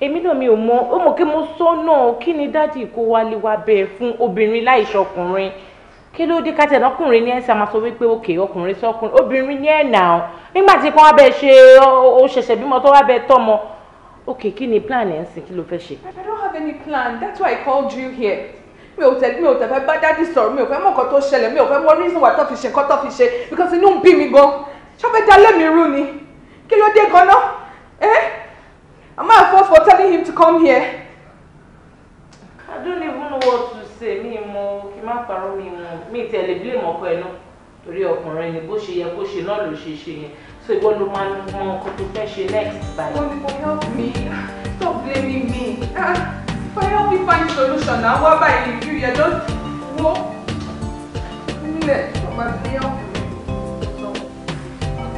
Èmi náà mi ò mọ, ó mọ̀ kí mo sọ náà kí ni dáàdì kó wálé wá bẹ́ẹ̀ fún obìnrin láìṣọkùnrin kí ló dé kátẹ̀ ọkùnrin ní ẹ̀sìn àmọ́ wípé òkè ọkùnrin sí ọkùnrin obìnrin ní ẹ̀nà ọ̀ nígbà tí kan wá bẹ ṣe ó ṣẹ̀ṣẹ̀ bímọ tó wá bẹ tọ́mọ òkè kí ni plan ẹ̀ ń sìn kí ló fẹ́ ṣe. I don't have any plan that's why I called you here mi ò tẹ mi ò tẹ fẹ́ bá dádì sọ̀rọ̀ mi ò fẹ́ mọ̀ nǹkan tó ṣẹlẹ̀ mi ò fẹ́ mọ̀ reason why tó ṣe nǹkan tó ṣe because inú ń bí mi gan ṣọ́ fẹ́ dalé mi rú ni kí ló dé gan náà eh I'm not a for telling him to come here. I don't even know what ṣe mí mo kí má parọ́ mi mo mi ti ẹ̀ lè bí ìmọ̀kọ ẹ̀ náà torí ọkùnrin ni bó ṣe yẹ kó ṣe náà ló ṣe ṣe yẹn so ìwọ ló máa ń mọ ọkọ tó fẹ́ ṣe next báyìí. wọ́n ní help me stop blaming me ah if I help you find solution na wá báyìí if you yẹ just wo nílẹ̀ ọba ti help me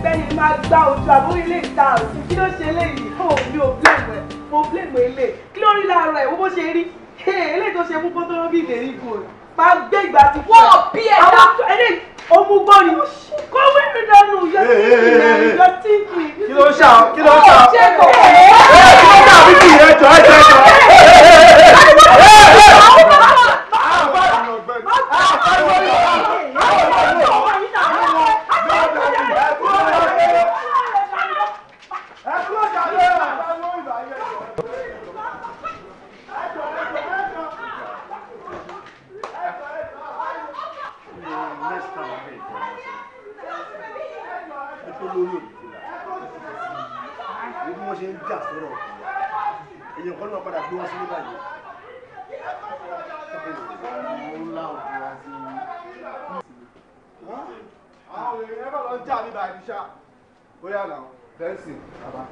bẹ́ẹ̀ni máa gbá ojú àbúrò ilé ìta òsì kí ló ṣe eléyìí ó oh, mi ò blame ẹ̀ mo blame ẹ̀ lè kí ló rí lára ẹ̀ wọ́n bó ṣe rí eléyìí tó ṣe mú kótóró bíi ìdèrí gold máa gbé ìgbà tí kò wọ́n bí ẹ̀dá àwọn eléyìí omugbọ́ni kó wíwí dánú yọ tí kì í kí ló ń ṣá kí ló ń ṣá kí ló ń ṣá bíbí ẹjọ́ ẹjọ́ ẹjọ́. gbé wọn sí ní báyìí. mo ń lá òkú wá sí i. àwọn èèyàn bá lọ jà ní báyìí ṣá bóyá làwọn bẹ́ẹ̀sì bàbá.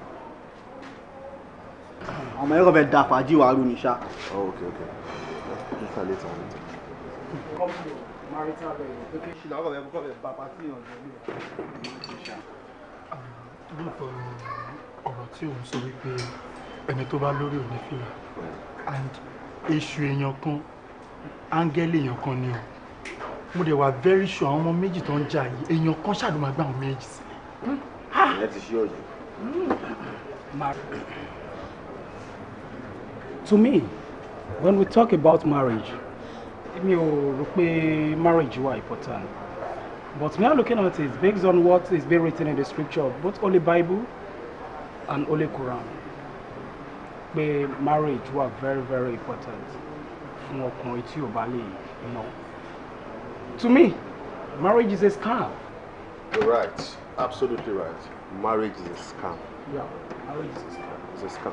àwọn ẹ̀rọ bẹ da fàájì wàá rú ni ṣá. Oh, ok ok just a little bit. marital bed pé kí ṣìlá ọkọ̀ bẹ̀ bọ́ bẹ̀ bàbá tí ìyànjẹ́ mi rà. lóòótọ́ ọ̀rọ̀ tí òun sọ wípé ẹni tó bá lórí òní fìlà and èṣù èèyàn kan áńgẹ́lì èèyàn kan ni o mo dẹ̀ wà very sure àwọn ọmọ méjì tó ń jà yìí èèyàn kan ṣáà máa gbà àwọn méjì sí. ìyẹn ti ṣí ọ̀yọ́. to me when we talk about marriage èmi ò rò pé marriage wà important but me looking at it based on what is being written in the scripture both Holy Bible and Holy Quran pé marriage wà very very important fún ọkùnrin tí ò bá lè ná. to me marriage is a scam. you're right absolutely right marriage is a scam. yeah marriage is a scam. it's a scam.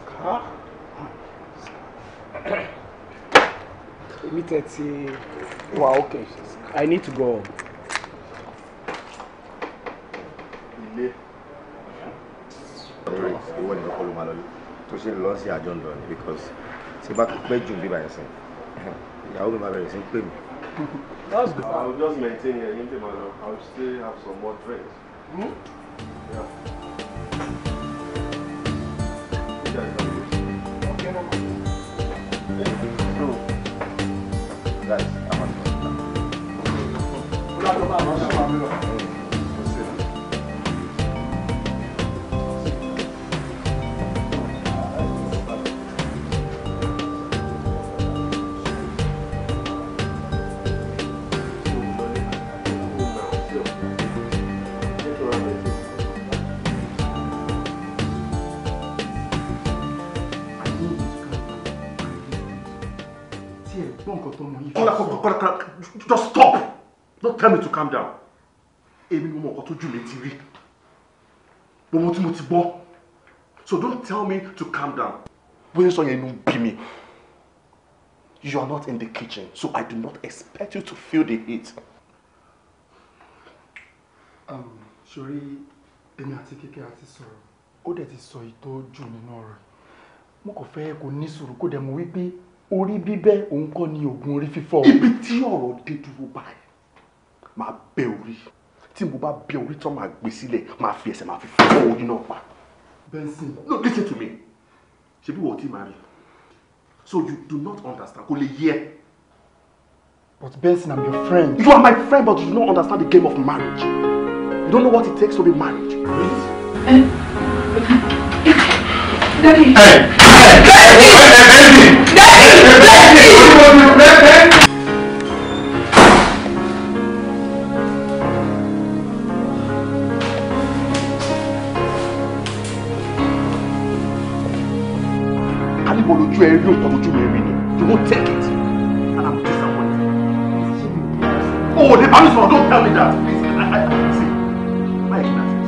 scam. èmi tẹ̀sí wa okay i need to go. ilé máa lọ tó ṣe lọ sí àjọ ń ni because ṣe bá pẹ́ jù bí báyìí sìn ìyàwó mi máa bẹ̀rẹ̀ sí ń pè that's good. I will just maintain here yín tèmi lọ I will still have some more drinks. Hmm? Yeah. tell me to calm down èmi ni mo mọ ọkọ tójú mi ti rí gbogbo tí mo ti gbọ́ so don't tell me to calm down bóyá so yẹn inú bí mi you are not in the kitchen so I do not expect you to feel the heat. Um, sori èmi àti kékeré àti sọ̀rọ̀ ó dẹ̀ ti sọ ìtọ́jú nínú ọ̀rọ̀ mo kàn fẹ́ kó ní sùúrù kó dẹ̀ mọ̀ wípé orí bíbẹ́ òun kọ́ ni oògùn orí fifo. ibi tí ọ̀rọ̀ dé dúró báyìí máa bẹ orí tí mo bá bẹ orí tán máa gbé sílẹ̀ máa fi ẹsẹ̀ máa fi fọ́ orí náà pa. benson no listen to me ṣebí wọ́n ti máa rí so you do not understand kò lè yẹ. but benson i'm your friend. you are my friend but you do not understand the game of marriage you don't know what it takes to be married. Daddy. Hey. Hey. Daddy. Daddy. Daddy. Daddy. Daddy. Daddy. níbo lójú ẹ rí nǹkan lójú mi rí ni you won't take it and i'm disappointed. oh the balance one don't tell me that please i i see my experience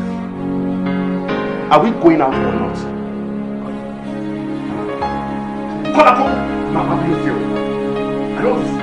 are we going out or not. kọ́lá kó màmá bí ó ṣe o i don't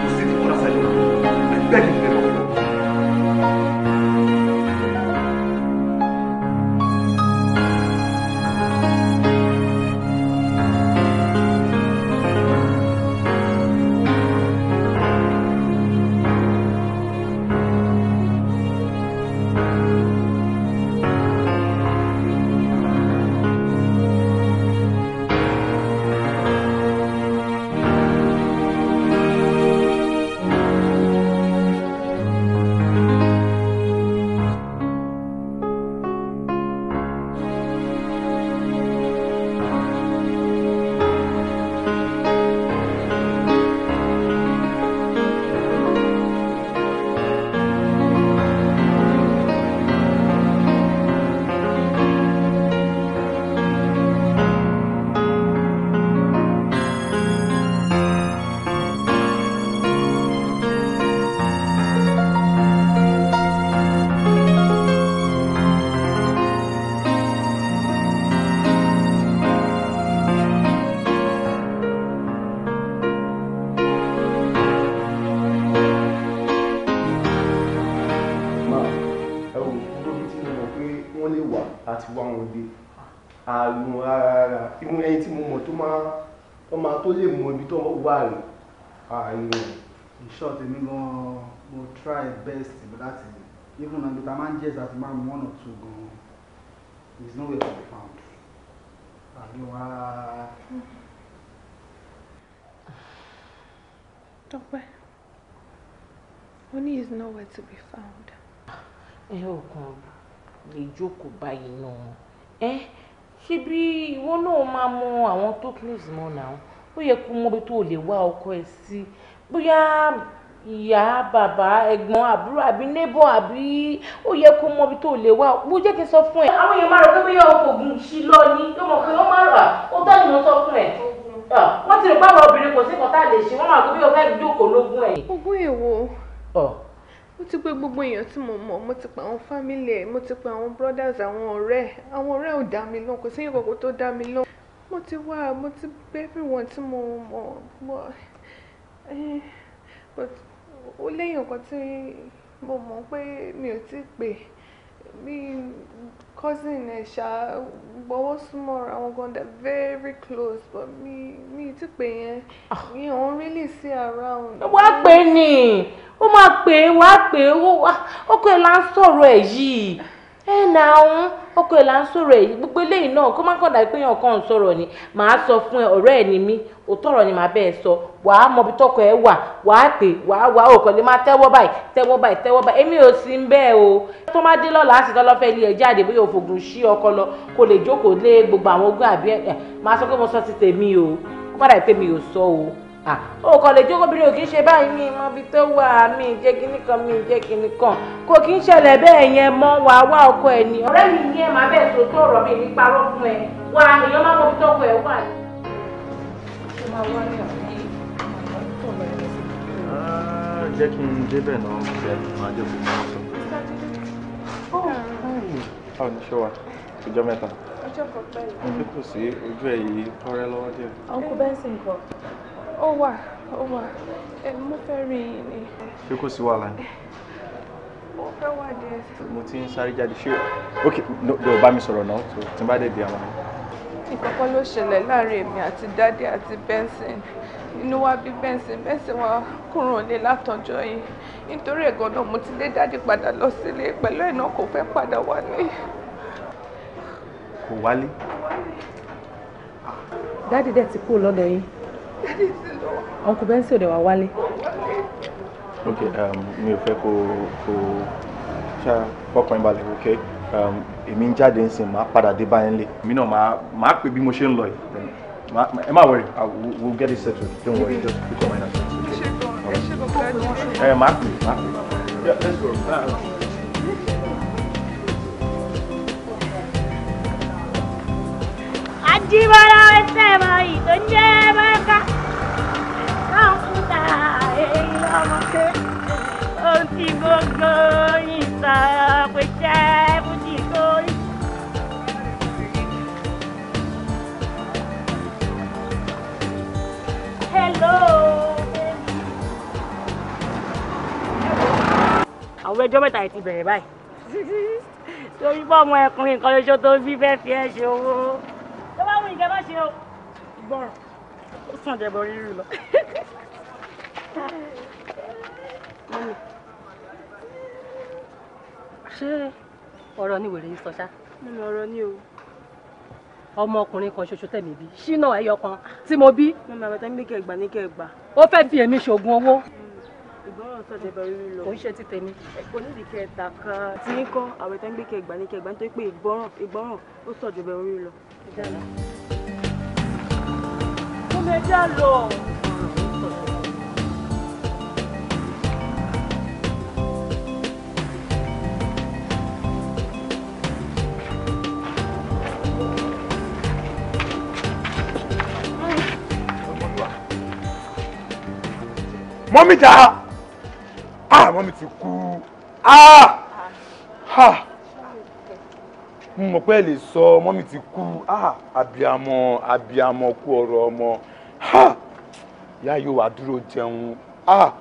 gbàrí àìrò ah, in short èmi gan mo try best láti even na bita man jẹ́ àti man one or two gan there is no way to be found àbí wá. Tọ́pẹ́ money is nowhere to be found. ẹ ò kàn lè jókòó báyìí náà ẹ eh, ṣé bí ìwọ náà máa mọ àwọn tó close mọ́ náà ó yẹ kó mọ bí tó lè wá ọkọ ẹ sí bóyá ìyá bàbá ẹ̀gbọ́n àbúrò àbí nébọ àbí ó yẹ kó mọ bí tó lè wá bó jẹ́ kí n sọ fún ẹ. àwọn èèyàn máa rò pé bóyá ọkọ̀ ògùn ṣí lọ ni ó mọ̀ pé wọ́n máa rà ó tọ́ ìmọ̀ sọ fún ẹ wọ́n ti rò pé obìnrin kò sí nǹkan a lè ṣe wọ́n máa rò pé ó fẹ́ jókòó lógún ẹ̀. ogún èwo mo ti pè gbogbo èèyàn tí mo mọ̀ mo ti pè àwọn fámìlì ẹ̀ mo ti pè àwọn brothers àwọn ọ̀rẹ́ àwọn ọ̀rẹ́ ò dá mi lóhùn kò sí ìkọ̀kọ̀ tó dá mi lóhùn mo ti wá mo ti bẹ everyone tí mo mọ̀ mọ̀ eh, but ó léyìn nǹkan tí mo mọ̀ pé mi ò tí pè bí cousin ẹ̀ ṣá gbọ́wọ́ súnmọ́ ra wọn gan they're very close but mi mi ti pè yẹn ah. mi ò ń really see around. wá pè ní ó máa pè é wá pè é ó kọ́ ẹ lá ń sọ̀rọ̀ ẹ̀ yìí ẹ nà ọ̀hún ọkọ ẹ̀ là ń sọ̀rọ̀ ẹ̀ gbogbo eléyìí náà kó má kàn dà pé ọkàn ń sọ̀rọ̀ ni màá sọ fún ẹ ọ̀rẹ́ ẹ̀ ni mí òtọ́rọ̀ ni màá bẹ́ẹ̀ sọ wàá mọbi tọkọ ẹ wà wàá pè wàá wà òkò lè máa tẹ́wọ́ báyìí tẹ́wọ́ báyìí tẹ́wọ́ báyìí èmi ò sí bẹ́ẹ̀ o tó má dé lọ́la àti tọ́lọ́fẹ́ ilé ẹ̀ jáde bóyá òfògùn sí ọkọ lọ kó lè jókòó lé gbogbo àwọn ogún àbí ẹ̀ máa sọ pé mo sọ ti tèmi o kó má dà pé mi ò sọ o ó kàn lè jókòó obìnrin ò kí ṣe báyìí mi mọ ibi tó wà kò kí ń yẹn wà wá ọkọ ẹ ní. ọrẹ mi ní ẹ̀ máa bẹ̀ tó mi ẹ wá èèyàn mọ wà. n náà ṣe máa kí n máa sọ. Oh. kan kò sí ojú yìí ó wà ó wà mo fẹ́ rí i ni. ṣé kò sí wàhálà ni. mo fẹ́ wà dé. mo ti ń sáré jáde ṣé ok no bá mi sọ̀rọ̀ náà tí n bá dé di àwọn. ìkọ̀kọ́ ló ṣẹlẹ̀ láàrin èmi àti dádì àti benson inú wa bí benson benson wa kúrò lé látọjọ́ yìí nítorí ẹ̀gàn náà mo ti lé dádì padà lọ sílé pẹ̀lú ẹ̀ náà kò fẹ́ padà wálé. kò wálé. dádì dẹ̀ ti kú lọ́dọ̀ yìí uncle Benson ò dẹ̀ wá Okay, um, mi ò fẹ́ kó kó ṣá fọkàn balẹ̀ ok um, èmi ń jáde ń sìn máa padà dé báyẹn lé èmi náà máa máa pè bí mo ṣe ń we'll get it settled don't worry just become my nurse. ẹ má pè má pè let's go. Uh, jíbọ́lá ẹsẹ̀ mọ́rì tó ń jẹ́ bọ́ká kọ́ńpútà èyí lọ́mọ pé ohun tí gbogbo yìí sọ hello. àwọn ẹjọ́ mẹ́ta yìí ti bẹ̀rẹ̀ báyìí *laughs* torí bọ́ọ̀mù ẹkùnrin nǹkan lóṣù tó ń bí fẹ́ fi ẹ́ ṣe owó ní kẹ́ o. gbọ́rọ̀ ó sàn jẹ̀bọ̀ rírì lọ. mọ́mí ṣé ọ̀rọ̀ ni wèrè yìí sọ ṣá. mo mọ ọ̀rọ̀ ni o. ọmọkùnrin kan ṣoṣo tẹ̀mí bí ṣínà ẹyọ kan tí mo bí. mo mọ àbàtà mi kẹgbà ní kẹgbà. ó fẹ́ fi èmi ṣoògùn owó. Hmm. ìgbọràn sọ jẹ̀bọ̀ rírì lọ. kò ń ṣe ti tèmi. kò ní ìdíkẹ́ ẹ̀ta kan. tí ń kọ́ àbàtà mi kẹgbà ní kẹgbà nítorí pé ìgbọràn ìgbọràn ó sọ jẹ̀bọ̀ rírì lọ méjèèlò. mọ́mí jà á ah, mọ́mí ti kú á ah, mo mọ̀ pé ẹ lè sọ mọ́mí ti kú àbíamọ ah, àbíamọ kú ọ̀rọ̀ ọmọ ha ìyá yóò wá dúró jẹun ha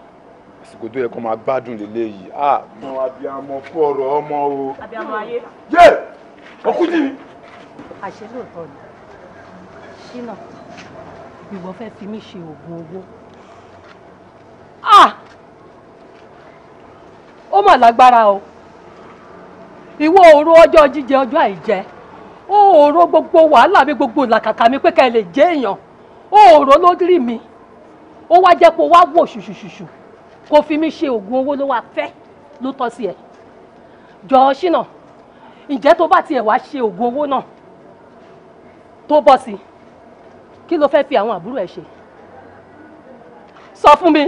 àsìkò tó yẹ kó máa gbádùn lélẹ̀ yìí ha mo abiyamọ fún ọ̀rọ̀ ọmọ o abiyamọ ayé yé ọkùnrin mi. àṣẹ lóòótọ́ ni ṣínà ìwọ fẹ́ fi mí ṣe oògùn owó ah! ó mà lágbára o ìwọ òru ọjọ́ jíjẹ ọjọ́ àìjẹ ó òru gbogbo wàhálà mi gbogbo làkàkà mi pé ká ẹ lè jẹ èèyàn òòró lódìrí mi ó wá jẹ́ pé ó wá wò ṣùṣùṣùṣù kò fi mí ṣe oògùn owó ló wá fẹ́ ló tọ́ sí ẹ jọ̀ọ́ ṣìnà ǹjẹ́ tó bá tiẹ̀ wá ṣe oògùn owó náà tó bọ́ sí kí ló fẹ́ fi àwọn àbúrò ẹ̀ ṣe sọ fún mi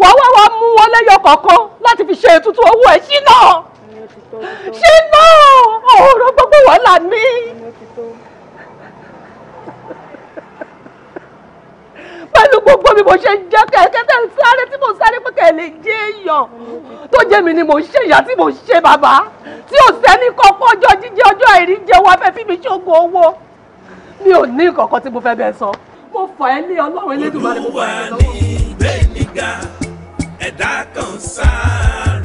wàá wá wá mú wọn lẹ́yọ kọ̀ọ̀kan láti fi ṣe ètùtù owó ẹ̀ ṣìnà ṣìnà òòró gbogbo wàhálà mi. pẹ̀lú gbogbo mi mo ṣe ń jẹ́ kẹ̀kẹ́tẹ̀ sáré tí mo sáré pé kẹ̀lé jẹ́ èèyàn tó jẹ́ mi ni mo ṣe ìyá tí mo ṣe bàbá tí ò sẹ́ni kọ́kọ́ ọjọ́ jíjẹ ọjọ́ àìrí jẹ́ wá fẹ́ fi mi ṣògo owó mi ò ní kankan tí mo fẹ́ bẹ́ẹ̀ sọ mo fà ẹ́ lé ọlọ́run elédùnmarè mo fà ẹ́ lọ́wọ́. olúwa ni gbẹ̀nìgà ẹ̀dá kan sáà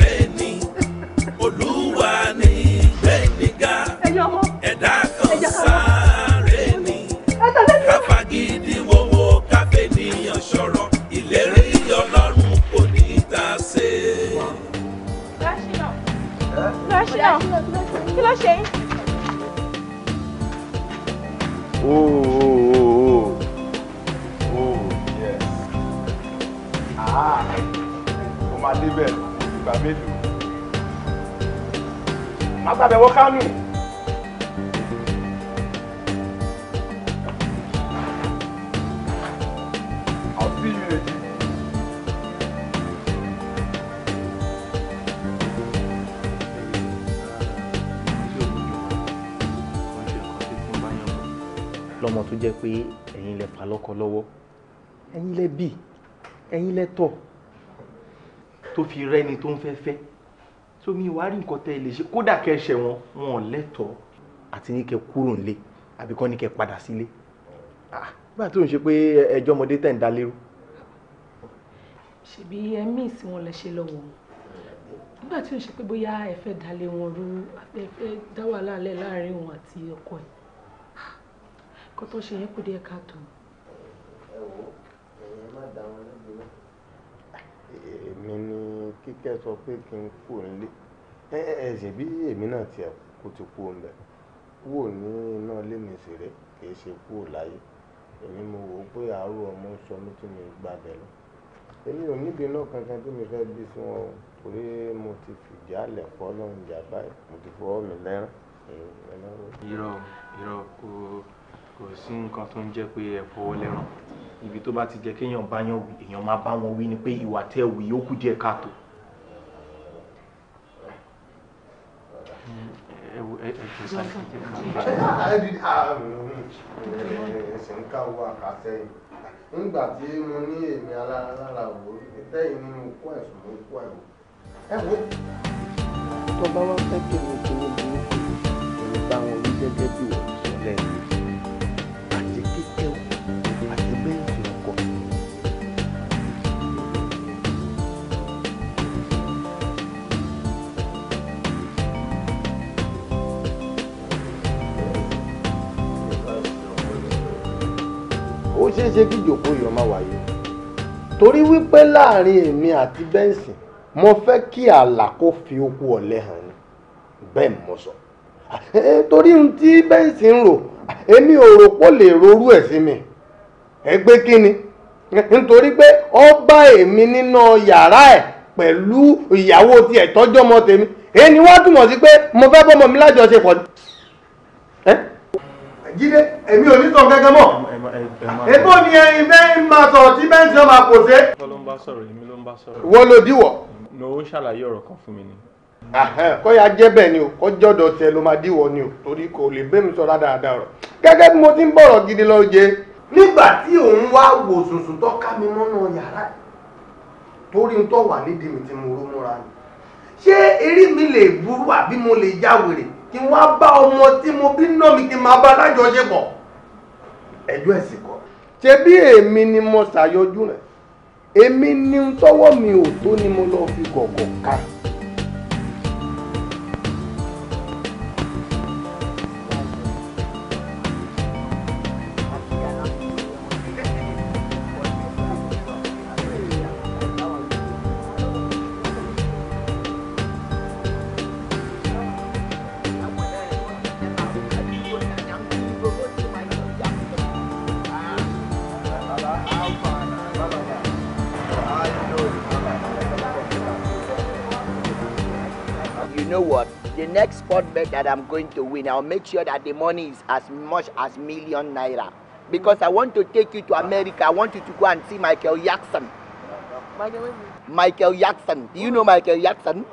náà kí ló ṣe Oh, oh, oh, oh, oh, yes. Ah, o máa débẹ̀ ìgbà mélòó. Màá gbàbẹ̀wọ̀ kánú. ọmọ tó jẹ́ pé ẹ̀yin lẹ fà lọ́kọ lọ́wọ́ ẹ̀yin lẹ bí ẹ̀yin lẹ tọ́ tó fi rẹ́ni tó ń fẹ́ fẹ́ sómi wàá rí nǹkan tẹ́ ẹ lè ṣe kódà kẹ́ ṣẹ̀ wọn wọn ò lẹ́tọ̀ọ́ àti ní kẹ́ kúrò nílé àbí kọ́ ní kẹ́ padà sílé bá a tó ń ṣe pé ẹjọ́ ọmọdé tẹ̀ ń dá lérú. ṣèbí ẹ̀mí ìsìn wọn lè ṣe lọ́wọ́ nígbà tí ò ń ṣe pé bóyá ẹ fẹ́ dalé wọn rú ẹ fẹ́ dá wàhálà lẹ̀ láàrin òun àti ọkọ ẹ̀ kó tó ṣe yẹn kù díẹ̀ káàtó. ẹ wo ẹ̀yẹ má dá wọn lẹ́bi náà. èmi ni kíkẹ́ sọ pé kí n kú nílé ẹ ẹ ṣèbí èmi náà tiẹ̀ kó ti kú ń bẹ̀ kúrò ní iná ilé mi ṣeré kì í ṣe kúrò láyé èmi mo wò ó pé àárò ọmọ sọ mí tí mo gbàbẹ̀ lọ èmi ò níbi náà kankan tí mi fẹ́ bí fún ọ torí mo ti fìjà fọ́ lọ́run jà mo ti fọwọ́ mi lẹ́rán. irọ́ irọ́ kò kò sí nǹkan tó ń jẹ́ pé ẹ fọwọ́ lẹ́ràn ibi tó bá ti jẹ́ kéèyàn bá yàn wí èèyàn máa bá wọn wí ni pé ìwà tẹ́ wí ó kù díẹ̀ káàtó. Ah, ẹsẹ̀ ń ká owó àkàsẹ́yìn nígbà tí mo ní èmi alára wò tẹ́yìn ni mo kó ẹ̀sùn mo kó ẹ̀wò. ẹ wo. tó bá wá fẹ́ kí ni kí ni bí wọ́n bá wọn wí gẹ́gẹ́ bí wọ́n. ṣeé ṣe kí ìjòkó yìí máa wáyé torí wípé láàrin èmi àti bẹ́ǹsì mo fẹ́ kí àlà kó fi okú ọ̀lẹ hàn ni bẹ́ẹ̀ mo sọ torí ohun tí bẹ́ǹsì ń rò èmi ò rò pó lè rorú ẹ̀ sí mi ẹ gbé kí ni nítorí pé ó bá èmi nínú yàrá ẹ̀ pẹ̀lú ìyàwó tiẹ̀ tọ́jọ́ mọ́ tèmi èyí ni wọ́n túmọ̀ sí pé mo fẹ́ bọ́ ọmọ mi lájọṣepọ̀ ẹ́ jíde èmi ò ní sọ gẹ́gẹ́ mọ̀ èbó ni ẹyin bẹ́ẹ̀ máa sọ̀rọ̀ tí bẹ́ẹ̀ ti máa kò sé. wọ́n ló ń bá sọ̀rọ̀ èmi ló ń bá sọ̀rọ̀. wọ́n ló díwọ̀. no ó ṣàlàyé ọ̀rọ̀ kan fún mi ni. kọ́ya jẹ́ bẹ́ẹ̀ ni o kọ́ jọ́dọ̀ tẹ ló máa díwọ̀ ni o torí kò lè bẹ́ẹ̀ mi sọ dáadáa rọ̀ gẹ́gẹ́ bí mo ti ń bọ̀rọ̀ gidi lọ jẹ. nígbà tí òun wá wò sùnsùn tó ká mi mọ́nà yàrá torí ń tọ́ wà mi tí kí wọ́n bá ọmọ tí mo bí mi kí máa bá ẹjọ́ ẹ̀sìn kọ́. ṣé ni mo ṣàyọjú rẹ̀ èmi ni tọ́wọ́ mi ò tó ni mo lọ fi gọ̀gọ̀ ká board bet that I'm going to win. I'll make sure that the money is as much as million naira. Because I want to take you to America. I want you to go and see Michael Jackson. Michael, Michael Jackson. Do you know Michael Jackson?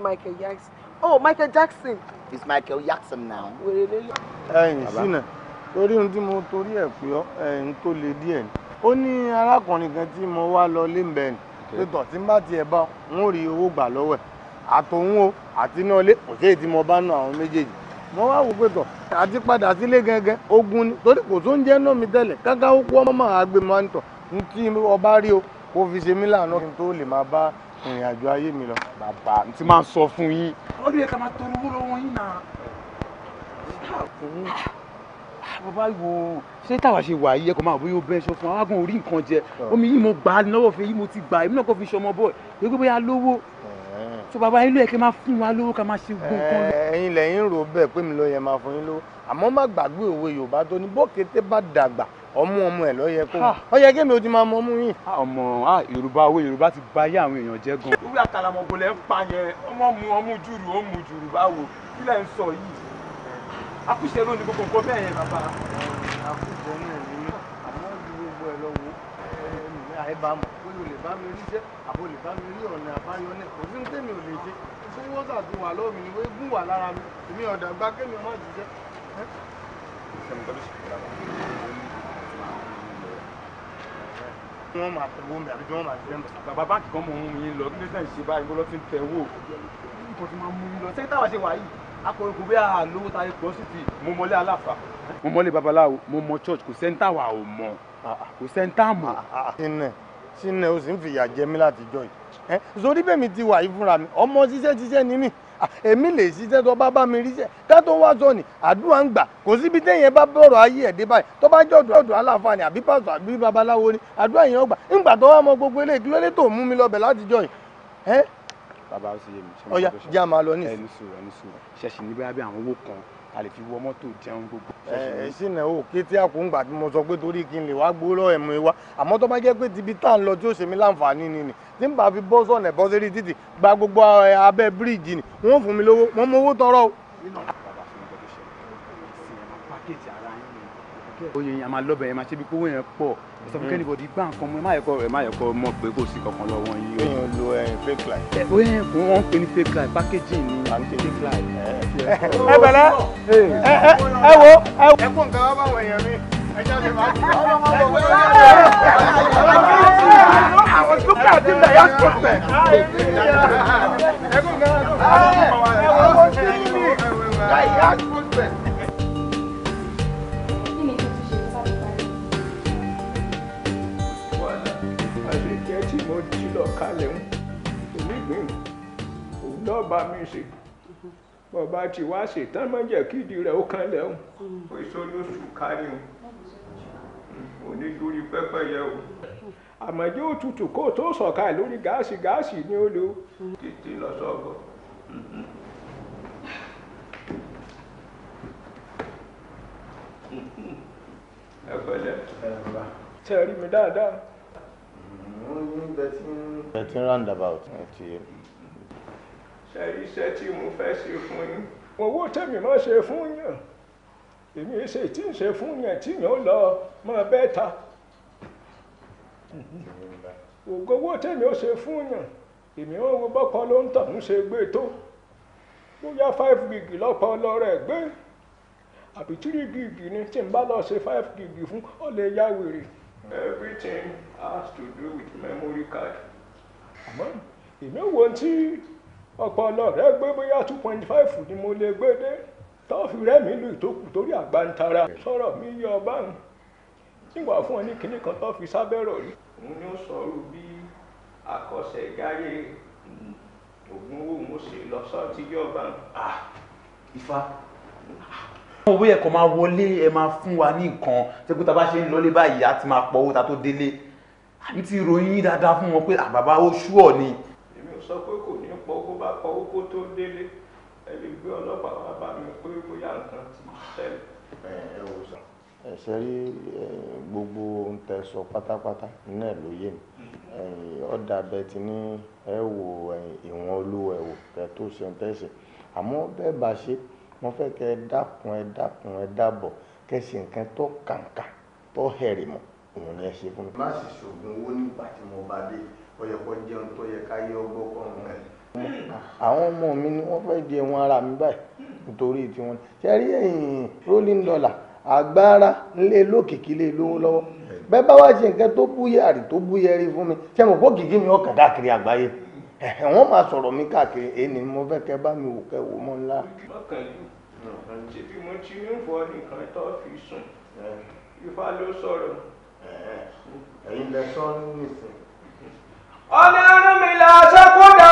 Michael Jackson. Oh, Michael Jackson. It's Michael Jackson now. torí ohun tí mo torí ẹ̀ pé ẹ̀yin tó le díẹ̀ ni. Ó ní arákùnrin kan tí mo wá lọ lé ń bẹ̀ ni. Pétọ̀ tí n bá tiẹ̀ bá, n ó rí owó gbà lọ́wọ́ ẹ̀ àtòun o àti iná ilé kò sí èyí tí mo bá nù àwọn méjèèjì mo wá wò pé tọ àti padà sílé gangan ogun ni torí kò tó ń jẹ́ náà mi tẹ́lẹ̀ kankan ó kú ọmọ máa gbé máa ń tọ̀ ní tí ọba rí o kó fi ṣe mí lànà kí n tó lè máa bá ìrìn àjò ayé mi lọ bàbá n ti máa sọ fún yín. ó lè ká máa tọrọ owó lọ́wọ́ yín náà. bàbá wo ṣé táwa ṣe wà yìí ẹ kò máa bóyá ó bẹ́ ṣọ fún wa wá gan orí nǹkan jẹ omi yìí mo gbà á lọ́wọ́ fẹ́ yìí mo ti gbà èmi náà kò fi ṣọmọ bọ́ọ̀ gbégbé bóyá lówó so bàbá ilé ẹ̀ kí máa fún wa lówó ká máa ṣe gbogbo nǹkan. Eh, ẹ̀yin lẹ́yìn rò bẹ́ẹ̀ pé mi ló yẹ máa fún yín lówó àmọ́ má gbàgbé òwe yorùbá tó ní bókété bá dàgbà ọmú ọmọ ẹ lọ yẹ kó ọ yẹ kémi o ti máa mọ ọmú yìí. ọmọ yorùbá owó yorùbá ti bá yé àwọn èèyàn jẹ gan. wíwí àtàlàmọ̀gbọ̀n lẹ́ ń pa yẹn ọmọ mu ọmú jùrù ó mu jùrù báwo kí lẹ́ ń sọ yìí. akúṣe ló ní gbogbo nǹkan bẹ́ẹ̀ yẹn bàbá. Eh, akúṣe ni ẹ bá mọ̀ bóyá o lè bá mi ríṣẹ́ àbò lè bá mi rí ọ̀nà àbáyọ náà kò sí ní tèmi ò lè ṣe ṣé wọ́n ṣàtún wà lọ́wọ́ mi ni wọ́n gún wà lára mi èmi ọ̀dà gbá kémi má ṣiṣẹ́. wọ́n máa tẹ̀ wọ́n mi àbí wọ́n máa jẹ́ mi. bàbá báńkì kan mọ ohun yín lọ nígbà tí ń ṣe báyìí bó lọ ti ń tẹ̀ wò nǹkan tí máa mú yín lọ ṣé táwa ṣe wà yìí akọrin kò bí àlówó ta ikọ̀ sí ti mo mọlé aláfa mo mọlé babaláwo mo mọ church kò sẹ́ńtà wà ò mọ̀ kò sẹ́ńtàmù. sinẹ sinẹ o sì ń fìyà jẹ mí láti jọ yìí sórí bẹ́mi ti wà yìí fúnra mi ọmọ ṣiṣẹ́ ṣiṣẹ́ ni mí ah, èmi lè ṣiṣẹ́ tó bá bá mi ríṣẹ́ ká tó wá sọ ni àdúrà ń gbà kò síbi téèyàn bá bọ̀rọ̀ ayé ẹ̀ dé báyìí tó bá jọ ọ̀dọ̀ ọ̀dọ̀ aláfa ni àbí pásọ àbí babaláwo ni àdúrà yẹn ó gbà ńgbà tó wá mọ gbogbo eléyìí kí ló lè tó mú mi lọ́bẹ̀ láti jọ yìí. bàbá ó sì yé mi. ọ̀ya jẹ́ àmà lọ ẹni sùn ẹni sùn ṣẹ̀ṣì níbi abẹ́ àwọn owó kan a lè fi wọ mọ́tò jẹun gbogbo. ẹ ẹ ṣìnà o kété àkóńgbà tí mo sọ pé torí kí n lè wá gbowó lọ́wọ́ ẹ̀mú e wa àmọ́ tó bá jẹ́ pé tibi tá à ń lọ tí ó ṣe mí láǹfààní ni nì tí n bá fi bọ́ sọ̀nà bọ́ títì gba gbogbo abẹ́ bíríìjì ni wọ́n fún mi lówó wọ́n mọ owó tọrọ o. oyè yẹn a máa lọ́bẹ̀ yẹn ṣe bí kówó yẹn pọ̀ sọ fún kẹ́nìbọ̀dì gbá nǹkan mọ́ ẹ má yẹ ẹ má yẹ kọ́ pé kò sí kankan lọ́wọ́ yín. ó yàn lo eh, fake life. ẹ ó yẹn pe ní fake life packaging ni fake life. ẹ eh, bẹ̀rẹ̀ eh, ẹ wo ẹ wo. ẹ kó nǹkan wá báwọn èèyàn mi ẹ jẹ́ mi máa ń bọ̀ ọ́ máa bọ̀ wẹ́rẹ́. àwọn súpà ti bẹ̀ yá sọ̀tẹ̀. ẹ kó nǹkan wá báwọn èèyàn mi ẹ jẹ́ mi máa ń bọ̀ ọ́ máa bọ̀ kalẹ̀ ń onígbìn òun náà bá mi ṣe bọ́ba ti wá ṣe tán máa ń jẹ́ kídi rẹ̀ ó kanlẹ̀ ń èso lóṣù kárí ń òní lórí pẹ́pẹ́ yẹ o. àmọ̀jẹ́ òtútù kó tó sọ̀ka lórí gáàsì gáàsì ni ó títí lọ sọ́gbọ̀. ẹ pẹ̀lẹ́. ṣe rí mi dáadáa thirteen roundabout. ṣe iṣẹ́ tí mo fẹ́ ṣe fún yín. owó tẹ̀mí máa ṣe fún yàn èmi ṣe tí ń ṣe fún yàn tí yàn ó lọ máa bẹ́ẹ̀ ta. ògowó tẹ̀mí ó ṣe fún yàn èmi ò wo bọ́kọ ló ń tàn ń ṣe gbé e tó bóyá five gig lọ́pọ̀ ọlọ́rẹ̀ gbé àbí three gig ni tí n bá lọ ṣe five gig fún ọ lè yá wèrè everything has to do with memory card. àmọ́ èmi wo tí ọpọlọ rẹ gbé bóyá two point five ni mo lè gbé dé tọ́ọ̀fù rẹ mi lu ìtókù torí àgbàntara sọ̀rọ̀ mi yọ ọba ń nígbà fún ọ ní kinní kan tó fi sábẹ́rọ̀ rí. òun ni ó sọ̀rọ̀ bí àkọsẹ̀jáyé ògùn owó mo ṣe lọ sọ́ọ̀tì yọ̀ọ̀bá. Ah, ifá hmm owó ẹ̀kọ́ máa wọlé ẹ máa fún wa ní nǹkan tẹ́kù tá a bá ṣe ń lọlé báyìí á ti máa pọ̀ owó ta tó délé àbí ti ròyìn dáadáa fún wọn pé àbàbà ó ṣú ọ̀ ni. èmi ò sọ pé kò ní pọ̀ owó bá pọ̀ owó kó tó délé ẹ lè gbé ọlọ́pàá wá bá mi pé bóyá nǹkan ti ṣẹlẹ̀. ẹ ṣe rí gbogbo ohun tẹ́ sọ pátápátá náà ló yé mi ọ̀dà mm-hmm. abẹ ti ní ẹ wo ìwọ̀n olúwẹ̀ wò kẹ́ tó ṣe ń tẹ̀sẹ̀ àmọ́ bẹ́ẹ̀ bá ṣe mo fẹ́ kẹ́ ẹ dákun ẹ dákun ẹ dábọ̀ kẹ́ nǹkan tó kàǹkà tó hẹ̀rì mọ́ òun ni ẹ ṣe fún mi. má sì ṣògùn owó nígbà tí mo bá dé ó jẹun tó yẹ ká yẹ ọgbọ́n kan rẹ̀. àwọn ọmọ mi ni wọ́n fẹ́ di ẹ̀wọ̀n ara mi báyìí nítorí tiwọn ṣe rí ẹ̀yìn rolling dollar agbára nílé lókìkí lé lówó lọ́wọ́ bẹ́ẹ̀ bá wá ṣe nǹkan tó búyẹ́ àrí tó búyẹ́ rí fún mi ṣé mo kó mi ọkàn káàkiri àgbáyé ẹ̀wọ̀n máa sọ̀rọ̀ mi káàkiri èyí ni mo fẹ́ kẹ́ bá mi wò kẹ́ wò mọ́ ńlá. bákan yìí títí mo ti ń fọ nìkan tó fi sùn ifá ló sọ̀rọ̀. ẹ̀yin lẹ sọ nísìnyí. ọ̀nà ẹran mi là á sẹ́kọ̀ọ́ dà.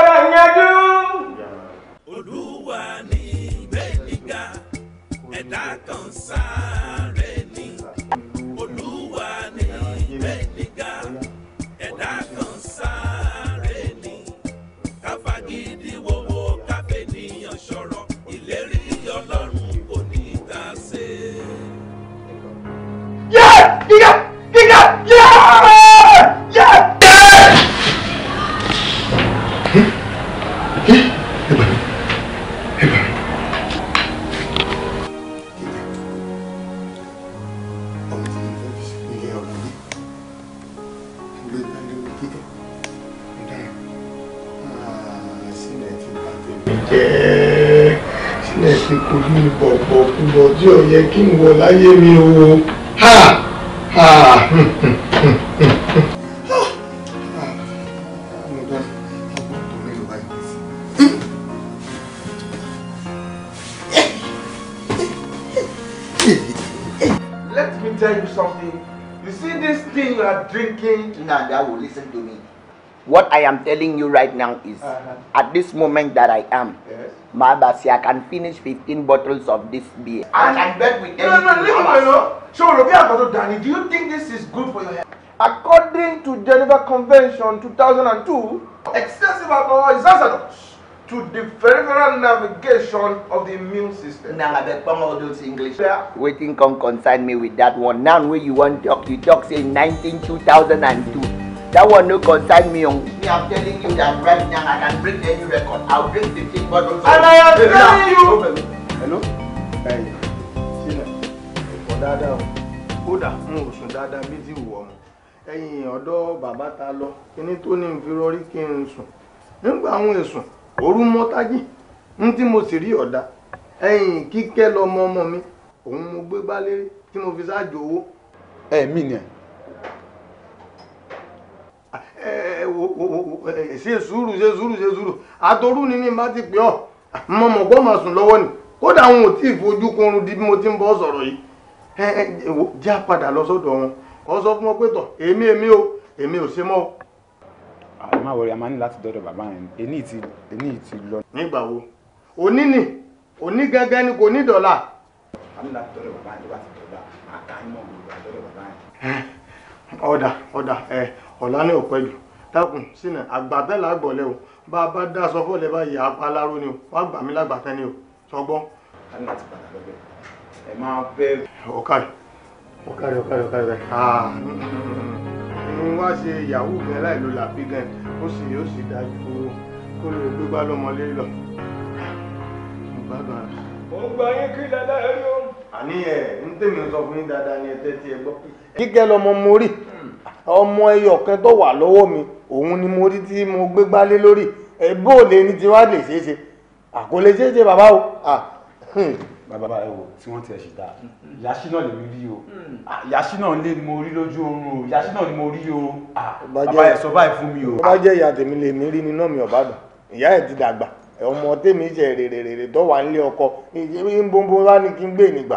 yé mi o ha ha Let me tell you something. You see this thing you are drinking? will listen to me. What I am telling you right now is, uh -huh. at this moment that I am, Madasi, I can finish fifteen bottles of this beer. I can bet with them. No, no, leave it alone. So, Robi Akoto Danny, do you think this is good for your health? According to Geneva Convention 2002, excessive alcohol is hazardous to the peripheral navigation of the immune system. Now, I beg all those English. Yeah. Waiting come concern me with that one. Now, where you want talk, you talk say 19 2002. That one no concern me on. Oh. Me, I'm telling you that right now I can break any record. I'll break 15 bottles. And I am telling now. you. Hello? Hey. Ọ̀pọ̀ dáadáa o. Kódà n ò sùn dáadáa bí ti wù ọmọ. ta lọ, kíní tó ni fi rọrí kí mo mi, mo mo fi ni Eh, eh, ṣe sùúrù ṣe sùúrù ṣe sùúrù àtọrú ni ní bá ti pè ọ mo mọ̀ pọ́ màá sùn lọ́wọ́ ni kódà àwọn ò tí ì fojú kunrun di bí mo ti ń bọ́ sọ̀rọ̀ yìí ẹ ẹ já padà lọ sọ́dọ̀ wọn kọ́ sọ fún wọn pé tọ̀ èmi èmi o èmi ò ṣe mọ́ o. àì ah, má wọrí a máa ní láti dọ́dọ̀ bàbá yẹn èní ti èní ti lọ. nígbà wo òní ni òní gẹ́gẹ́ ni kò ní dọ̀là. a ní láti eh, ọ̀dà ọ̀dà ẹ̀ ọ̀la ní òpẹ́ jù dákun sínú àgbàtẹ́là àgbọ̀lẹ́ o bá a bá dá sọfọ́ lẹ́ báyìí apá aláró ni o wá gbà mí lágbàtẹ́ ni o sọgbọ́n. a ní láti padà lọ́bẹ̀ ẹ máa bẹ́ẹ̀. ọ̀kàrẹ̀ ọ̀kàrẹ̀ ọ̀kàrẹ̀ ọ̀kàrẹ̀ ń ah, wá ṣe yahoo gan láì lo làbí gan ó sì ó sì dájú kó lè gbégbá lọ́mọlé lọ. mo ń gba yín kí lẹ́lẹ́ rí o. àní ẹ̀ ń tèmi sọ fún yín dáadáa ni ẹ tẹ́tí ẹ gbọ́. kíkẹ́ lọmọ mo rí ọmọ ẹyọ kan tó wà lọ́wọ́ mi òun ni mo rí tí mo gbé gbálé lórí ẹ bó lè ní tí wàá lè ṣeé ṣe àkó lè ṣeé ṣe bàbá o. bàbá ẹ wò tí wọ́n ti ẹ̀ ṣì dáa yasi náà lè rí o yasi náà lè mo rí lójú oorun o yasi náà ni mo rí o bàbá ẹ sọ báyìí fún mi o. bàbá jẹ́ ìyá tèmi lè mí rí nínú mi ọ̀bàdàn ìyá ẹ̀ ti dàgbà ọmọ tèmi ṣe rèrèrèrè tó wà nílé ọkọ ìyẹn bó ń bó wá ní kí n gbé nígbà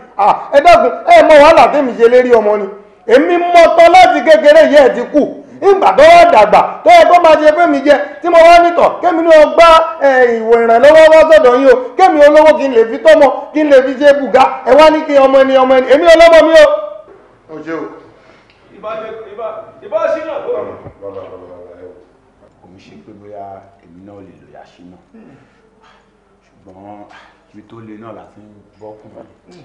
ẹ dákun ẹ mọ wàhálà tèmi ṣe lérí ọmọ ni èmi mọ́tọ́ láti kékeré yẹ́ ẹ̀ ti kù ìgbà tó wá dàgbà tó yẹ kó máa ṣe fẹ́mi jẹ tí mo wá nítọ̀ kémi ní ọgbà ìwò ìrànlọ́wọ́ wá sọ̀dọ̀ yín o kémi olówó kí n lè fi tọ́mọ kí n lè fi ṣe bùgá ẹ wá ní kí ọmọ ẹni ọmọ ẹni èmi ọlọ́mọ mi o. o ṣe o. ìbá ṣínà tó. kò ń ṣe pé bóyá èmi náà lè lòyà ṣínà hmm. ṣùgbọ́n ibi tó le náà láti bọ́ kù.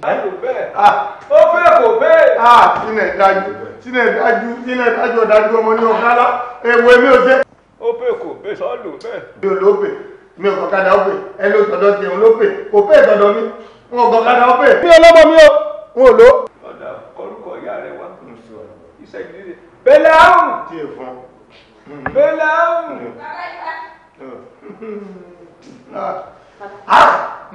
báyìí bẹ́ẹ̀ ah! Ah! ó bẹ́ẹ̀ kò bẹ́ẹ̀. Ah! sílẹ̀ dájú sílẹ̀ dájú sílẹ̀ dájú ọ̀dájú ọmọ ní ọ̀gá lá èwo èmi ò jẹ́. ó bẹ́ẹ̀ kò bẹ́ẹ̀ sọ lò bẹ́ẹ̀. mi ò ló bè mi ò kọ̀kadà ó bè ẹ ló tọ̀dọ̀ tiẹ̀ ń ló bè kò bẹ́ẹ̀ tọ̀dọ̀ mi n ò kọ̀kadà ó bè. mi ò lọ́mọ mi o n ò lọ. ọ̀dà kọlùkọ ìyá rẹ̀ wá iṣẹ́ *laughs*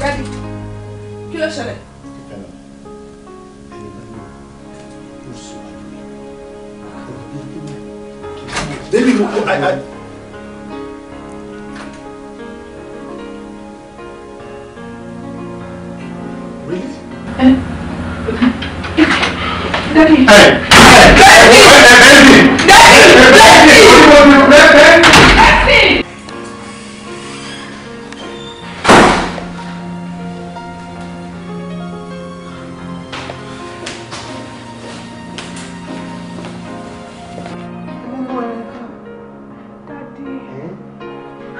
Daddy, kí ló ṣẹlẹ̀? Ìfẹ́lá, ẹni máa ń lò ó sùn wájú mi. Débi mo kọ́ àyà. Really? Eh? Daddy. Hey! Hey! Daddy! Daddy! Daddy! Daddy! Daddy! Daddy!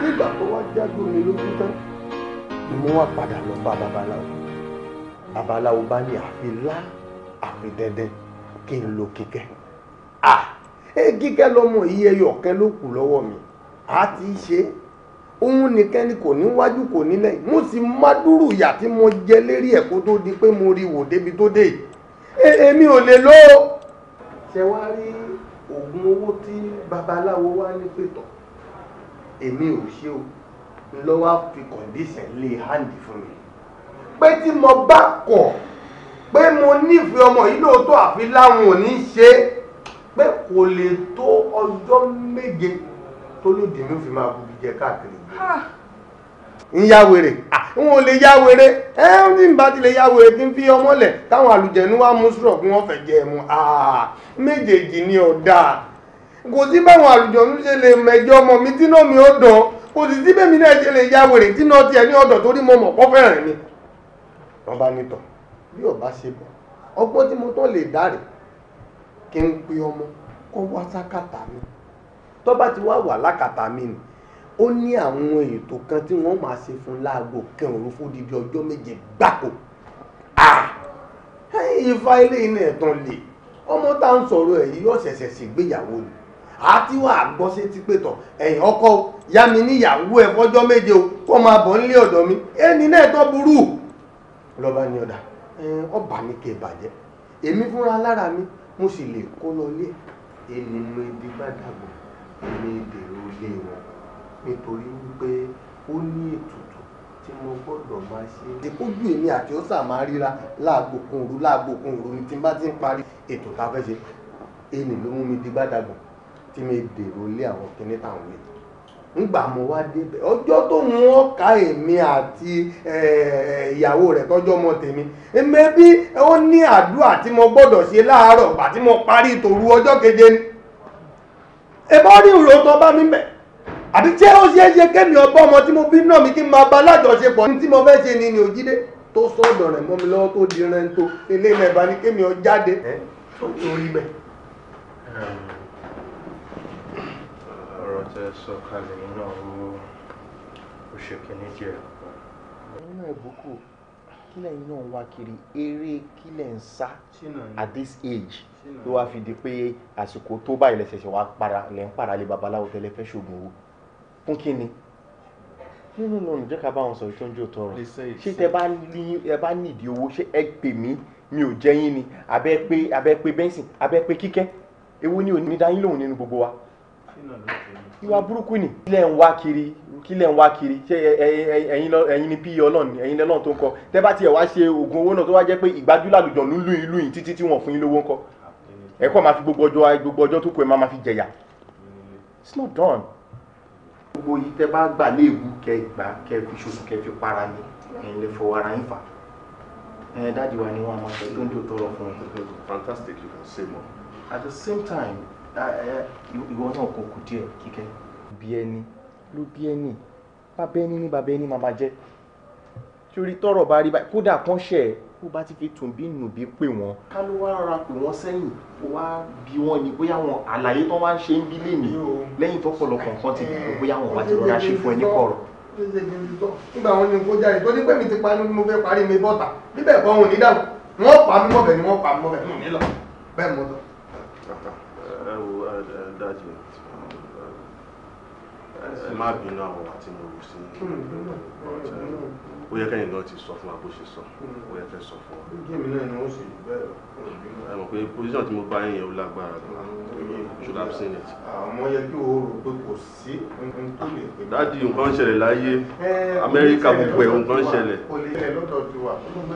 nígbà tó wá jágbó mi lójú tán ni mo wá padà lọ bá babaláwo babaláwo bá ní àfi lá àfi dẹdẹ kí n lo kíkẹ́ à kíkẹ́ lọ́mọ yìí ẹyọ ọ̀kẹ́ ló kù lọ́wọ́ mi a ti ṣe òun nìkan ni kò níwájú kò nílẹ̀ mo sì má dúró ìyà tí mo jẹ lérí ẹ̀ kó tó di pé mo rí wò débi tó dé e, èmi ò lè lọ. ṣé wàá rí oògùn owó tí babaláwo wá ní pẹ̀tọ̀ èmi ò ṣe o lọ́wọ́ fi condition lé hàǹdì fún mi pé tí mo bá kọ̀ pé mo nífẹ̀ẹ́ ọmọ yìí lóòótọ́ àfi láwọn ò ní ṣe é pé kò lè tó ọjọ́ méje tó lòdì mi fi máa bubi jẹ káàkiri n ya wèrè n ò lè ya wèrè ẹ ní n bá ti lè ya wèrè kí n fi ọmọ lẹ táwọn àlùjẹnu wa mú sùrọ̀ kí wọ́n fẹ́ jẹ mu méjèèjì ni ọ̀dà kò sí báwọn àlùjọ̀nú ṣe lè mẹjọ ọmọ mi tínú mi ó dán kò sì sí bẹ́ẹ̀ mi náà ṣe lè ya wèrè tínú tiẹ̀ ní ọ̀dọ̀ torí mo mọ̀ kọ́ fẹ́ràn mi. wọ́n bá nítọ̀ bí ọba ṣe bọ̀ ọgbọ́n tí mo tán lè dárè kí n pe ọmọ kó wá sákàtà mi tó bá ti wá wà lákàtà mi nì ó ní àwọn ètò kan tí wọ́n máa ṣe fún láago kan òru fún dídí ọjọ́ méje gbáko ifá ilé iná ẹ̀tàn lè ọmọ tá à ń sọ̀rọ̀ ẹ̀ yìí yóò ṣẹ̀ṣẹ̀ ṣègbéyàwó ni àti wà gbọ́ sí ti pé tán ẹ̀yìn ọkọ yá mi níyàwó ẹ̀ fọ́jọ́ méje o kọ́ máa bọ̀ nílé ọ̀dọ̀ mi ẹni náà tó burú lọ́ba ní ọ̀dà ọba mi kè bàjẹ́ èmi fúnra lára mi mo sì lè kó lọ lé èmi mo ibi gbàdàgbọ́ èmi ìbèrè olé wọn nítorí wípé ó ní ètùtù tí mo gbọ́dọ̀ máa ṣe. ìkójú èmi àti ọ́sà máa ríra láàgbò kan òru láàgbò ni tí n bá ti ń parí ètò tá a fẹ́ ṣe èmi ló mú mi di gbàdàgbọ́ tí mi dèrò lé àwọn kinní tà ń wé ngbà mo wá débẹ̀ ọjọ́ tó ń wọ́n ká èmi àti ìyàwó rẹ̀ tọ́jọ́ ọmọ tèmi mẹ́bí ó ní àdúrà tí mo gbọ́dọ̀ ṣe láàárọ̀ gbà tí mo parí tòru ọjọ́ keje ni ẹbọ́ ní ìrò tó bá mi bẹ̀ àbí tí ó ṣeé ṣe kémi ọgbọ́n ọmọ tí mo bí náà mi kí n máa bá alájọṣepọ̀ ní tí mo fẹ́ ṣe ni ni òjídé tó sọ̀dọ̀ rẹ̀ mọ́ mi lọ́wọ́ tó di rẹ́ńtó eléyìí mẹ́ba ni kémi ọ jáde tó torí bẹ́ẹ̀ ọ̀rọ̀ tẹ sọ kalẹ̀ yìí náà ó ó ṣe díẹ̀. nínú ìbùkù kílẹ̀ yìí náà wá kiri eré kílẹ̀ ń sá at this age ló wá fi di pé àsìkò tó báyìí lẹ́sẹ̀sẹ̀ wá para lẹ́ ń para lé babaláwo tẹ́lẹ̀ fẹ́ ṣoògùn owó fún kí ni nínú lónìí jẹ́ ká bá wọn sọ̀rọ̀ tó ń jò tọrọ ṣé tẹ bá nídìí owó ṣé ẹ pè mí mi ò jẹ́ yín ni abẹ́ pé abẹ́ pé bẹ́ńsì abẹ́ pé kíkẹ́ èwo ni ò ní dá yín lóhùn nínú gbogbo wa ìwà burúkú ni. kílẹ̀ ń wá kiri kílẹ̀ ń wá kiri ṣé ẹ̀yin ni pí e ọlọ́run ni ẹ̀yin lọ́run tó ń kọ tẹ́ bá tiẹ̀ wá ṣe oògùn owó náà tó wá jẹ́ pé ìgbájú làlùjọ ló ń lù ìlú yìí títí tí wọ́n fún yín lówó ńkọ́ ẹ kọ́ máa fi gbogbo ọjọ́ gbogbo ọjọ́ tó kù ẹ̀ máa máa fi jẹ̀yà it's not done. gbogbo yìí tẹ́ bá gbà léèbù kẹ gbà kẹ fi ṣoṣù kẹ fi para ni ẹ̀yin lè fọwọ́ at the same time ìwọ náà kò kù díẹ̀ kíkẹ́. bí ẹni ló bí ẹni bàbá ẹni ní bàbá ẹni màmá jẹ́ torí tọrọ bá rí báyìí kódà kán ṣẹ ó bá ti fi tùnbí nùbí pè wọ́n. ká ló wá rọra pè wọ́n sẹ́yìn ó wá bí wọ́n ni bóyá wọn àlàyé tó wá ń ṣe ń bí lèmi lẹ́yìn tó pọ̀lọpọ̀ nǹkan ti dìbò bóyá wọn wá ti rọra ṣe fún ẹ ní kọ̀rọ̀. nígbà wọn ni kó jáde tó ní mi ti parí mo fẹ́ parí mi bọ́ta bíbẹ̀ kọ́ òun ní dàgbà wọ́n pa mí mọ́bẹ̀ ni wọ́n pa mí mọ́bẹ̀ mi bẹ́ẹ̀ mo lọ ẹ wo dájú ẹ má bínú àwọn wa tí mo wù sí ó yẹ kẹ́yìn náà ti sọ fún wa bó ṣe sọ ó yẹ kẹ́ sọ fún wa. géèmì náà ni wọ́n sì bẹ́ẹ̀ ẹ mọ̀ pé position tí mo bá yín yẹn ó lágbára gan-an should have seen it. àmọ́ yẹ kí o rò pé kò sí nǹkan tó lè pè. dáàdi nǹkan ṣẹlẹ̀ láyé amẹ́ríkà gbogbo ẹ̀ nǹkan ṣẹlẹ̀. olè ilẹ̀ lọ́dọ̀ ti wà kó ló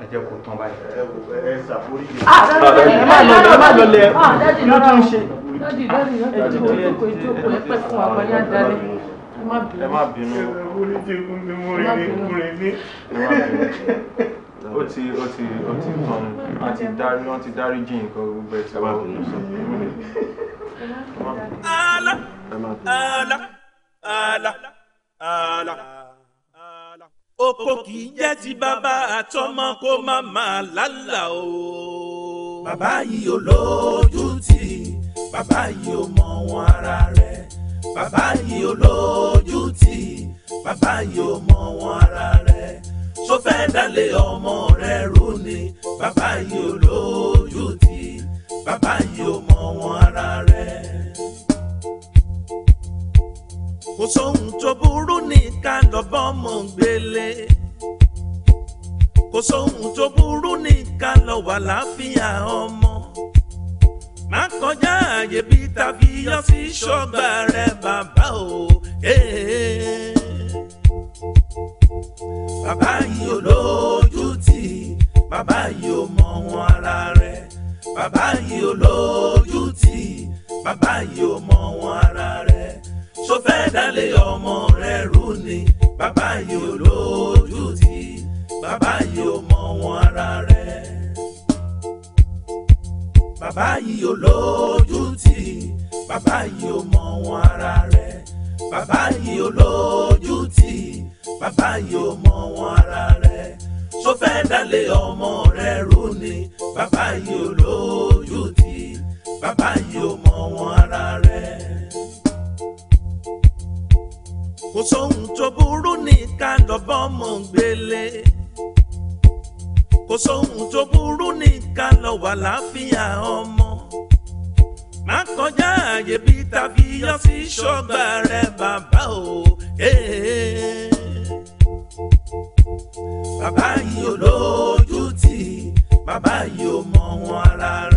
ẹ jẹ́ kó tán báyìí. ẹ ṣàforíjì. ẹ má lọ ẹ má lọ lẹ kí ló tún ń ṣe. dádì dádì dádì ìjókòó ìjókòó ẹ pẹ́ fún wa pẹ̀lú àdáni ẹ má bínú ó ti ó ti ó ti tán wọn ti dárí wọn ti dárí jìn nǹkan gbogbo ẹ ti wá bínú sọ ala ala ala ala oko kì í jẹ́ ti bàbá àtọmọ kó má máa lálà o. bàbá yìí ò lójú tì bàbá yìí ò mọ wọn ara rẹ̀ bàbá yìí ò lójú tì bàbá yìí ò mọ wọn ara rẹ̀ tó fẹ́ dalẹ̀ ọmọ rẹ̀ rú ni bàbá yìí ò lójú tì bàbá yìí ò mọ wọn ara rẹ̀ kò sóhun tó burú ní ká lọ́bọ́ mọ̀ gbélé kò sóhun tó burú ní ká lọ wà láfíà ọmọ má kọjá àyè bí tàbí yọ sí ṣọ́gbà rẹ bàbá o. bàbá yìí ò lójú tì bàbá yìí ò mọ wọn ara rẹ bàbá yìí ò lójú tì bàbá yìí ò mọ wọn ara rẹ tó fẹ́ dálé ọmọ rẹ̀ rú ni bàbá yìí ò lójú tì bàbá yìí ò mọ wọn ara rẹ̀ bàbá yìí ò lójú tì bàbá yìí ò mọ wọn ara rẹ̀ bàbá yìí ò lójú tì bàbá yìí ò mọ wọn ara rẹ̀ tó fẹ́ dálé ọmọ rẹ̀ rú ni bàbá yìí ò lójú tì bàbá yìí ò mọ wọn ara rẹ̀. kò sóhun tó burú ní kálọ́bọ́ mọ̀ gbélé kò sóhun tó burú ní kálọ́wà láfíà ọmọ má kọjá àyè bí tàbí yọ sí ṣọ́gbà rẹ bàbá o. bàbá yìí ò tì bàbá yìí ò mọ̀ wọn rárá.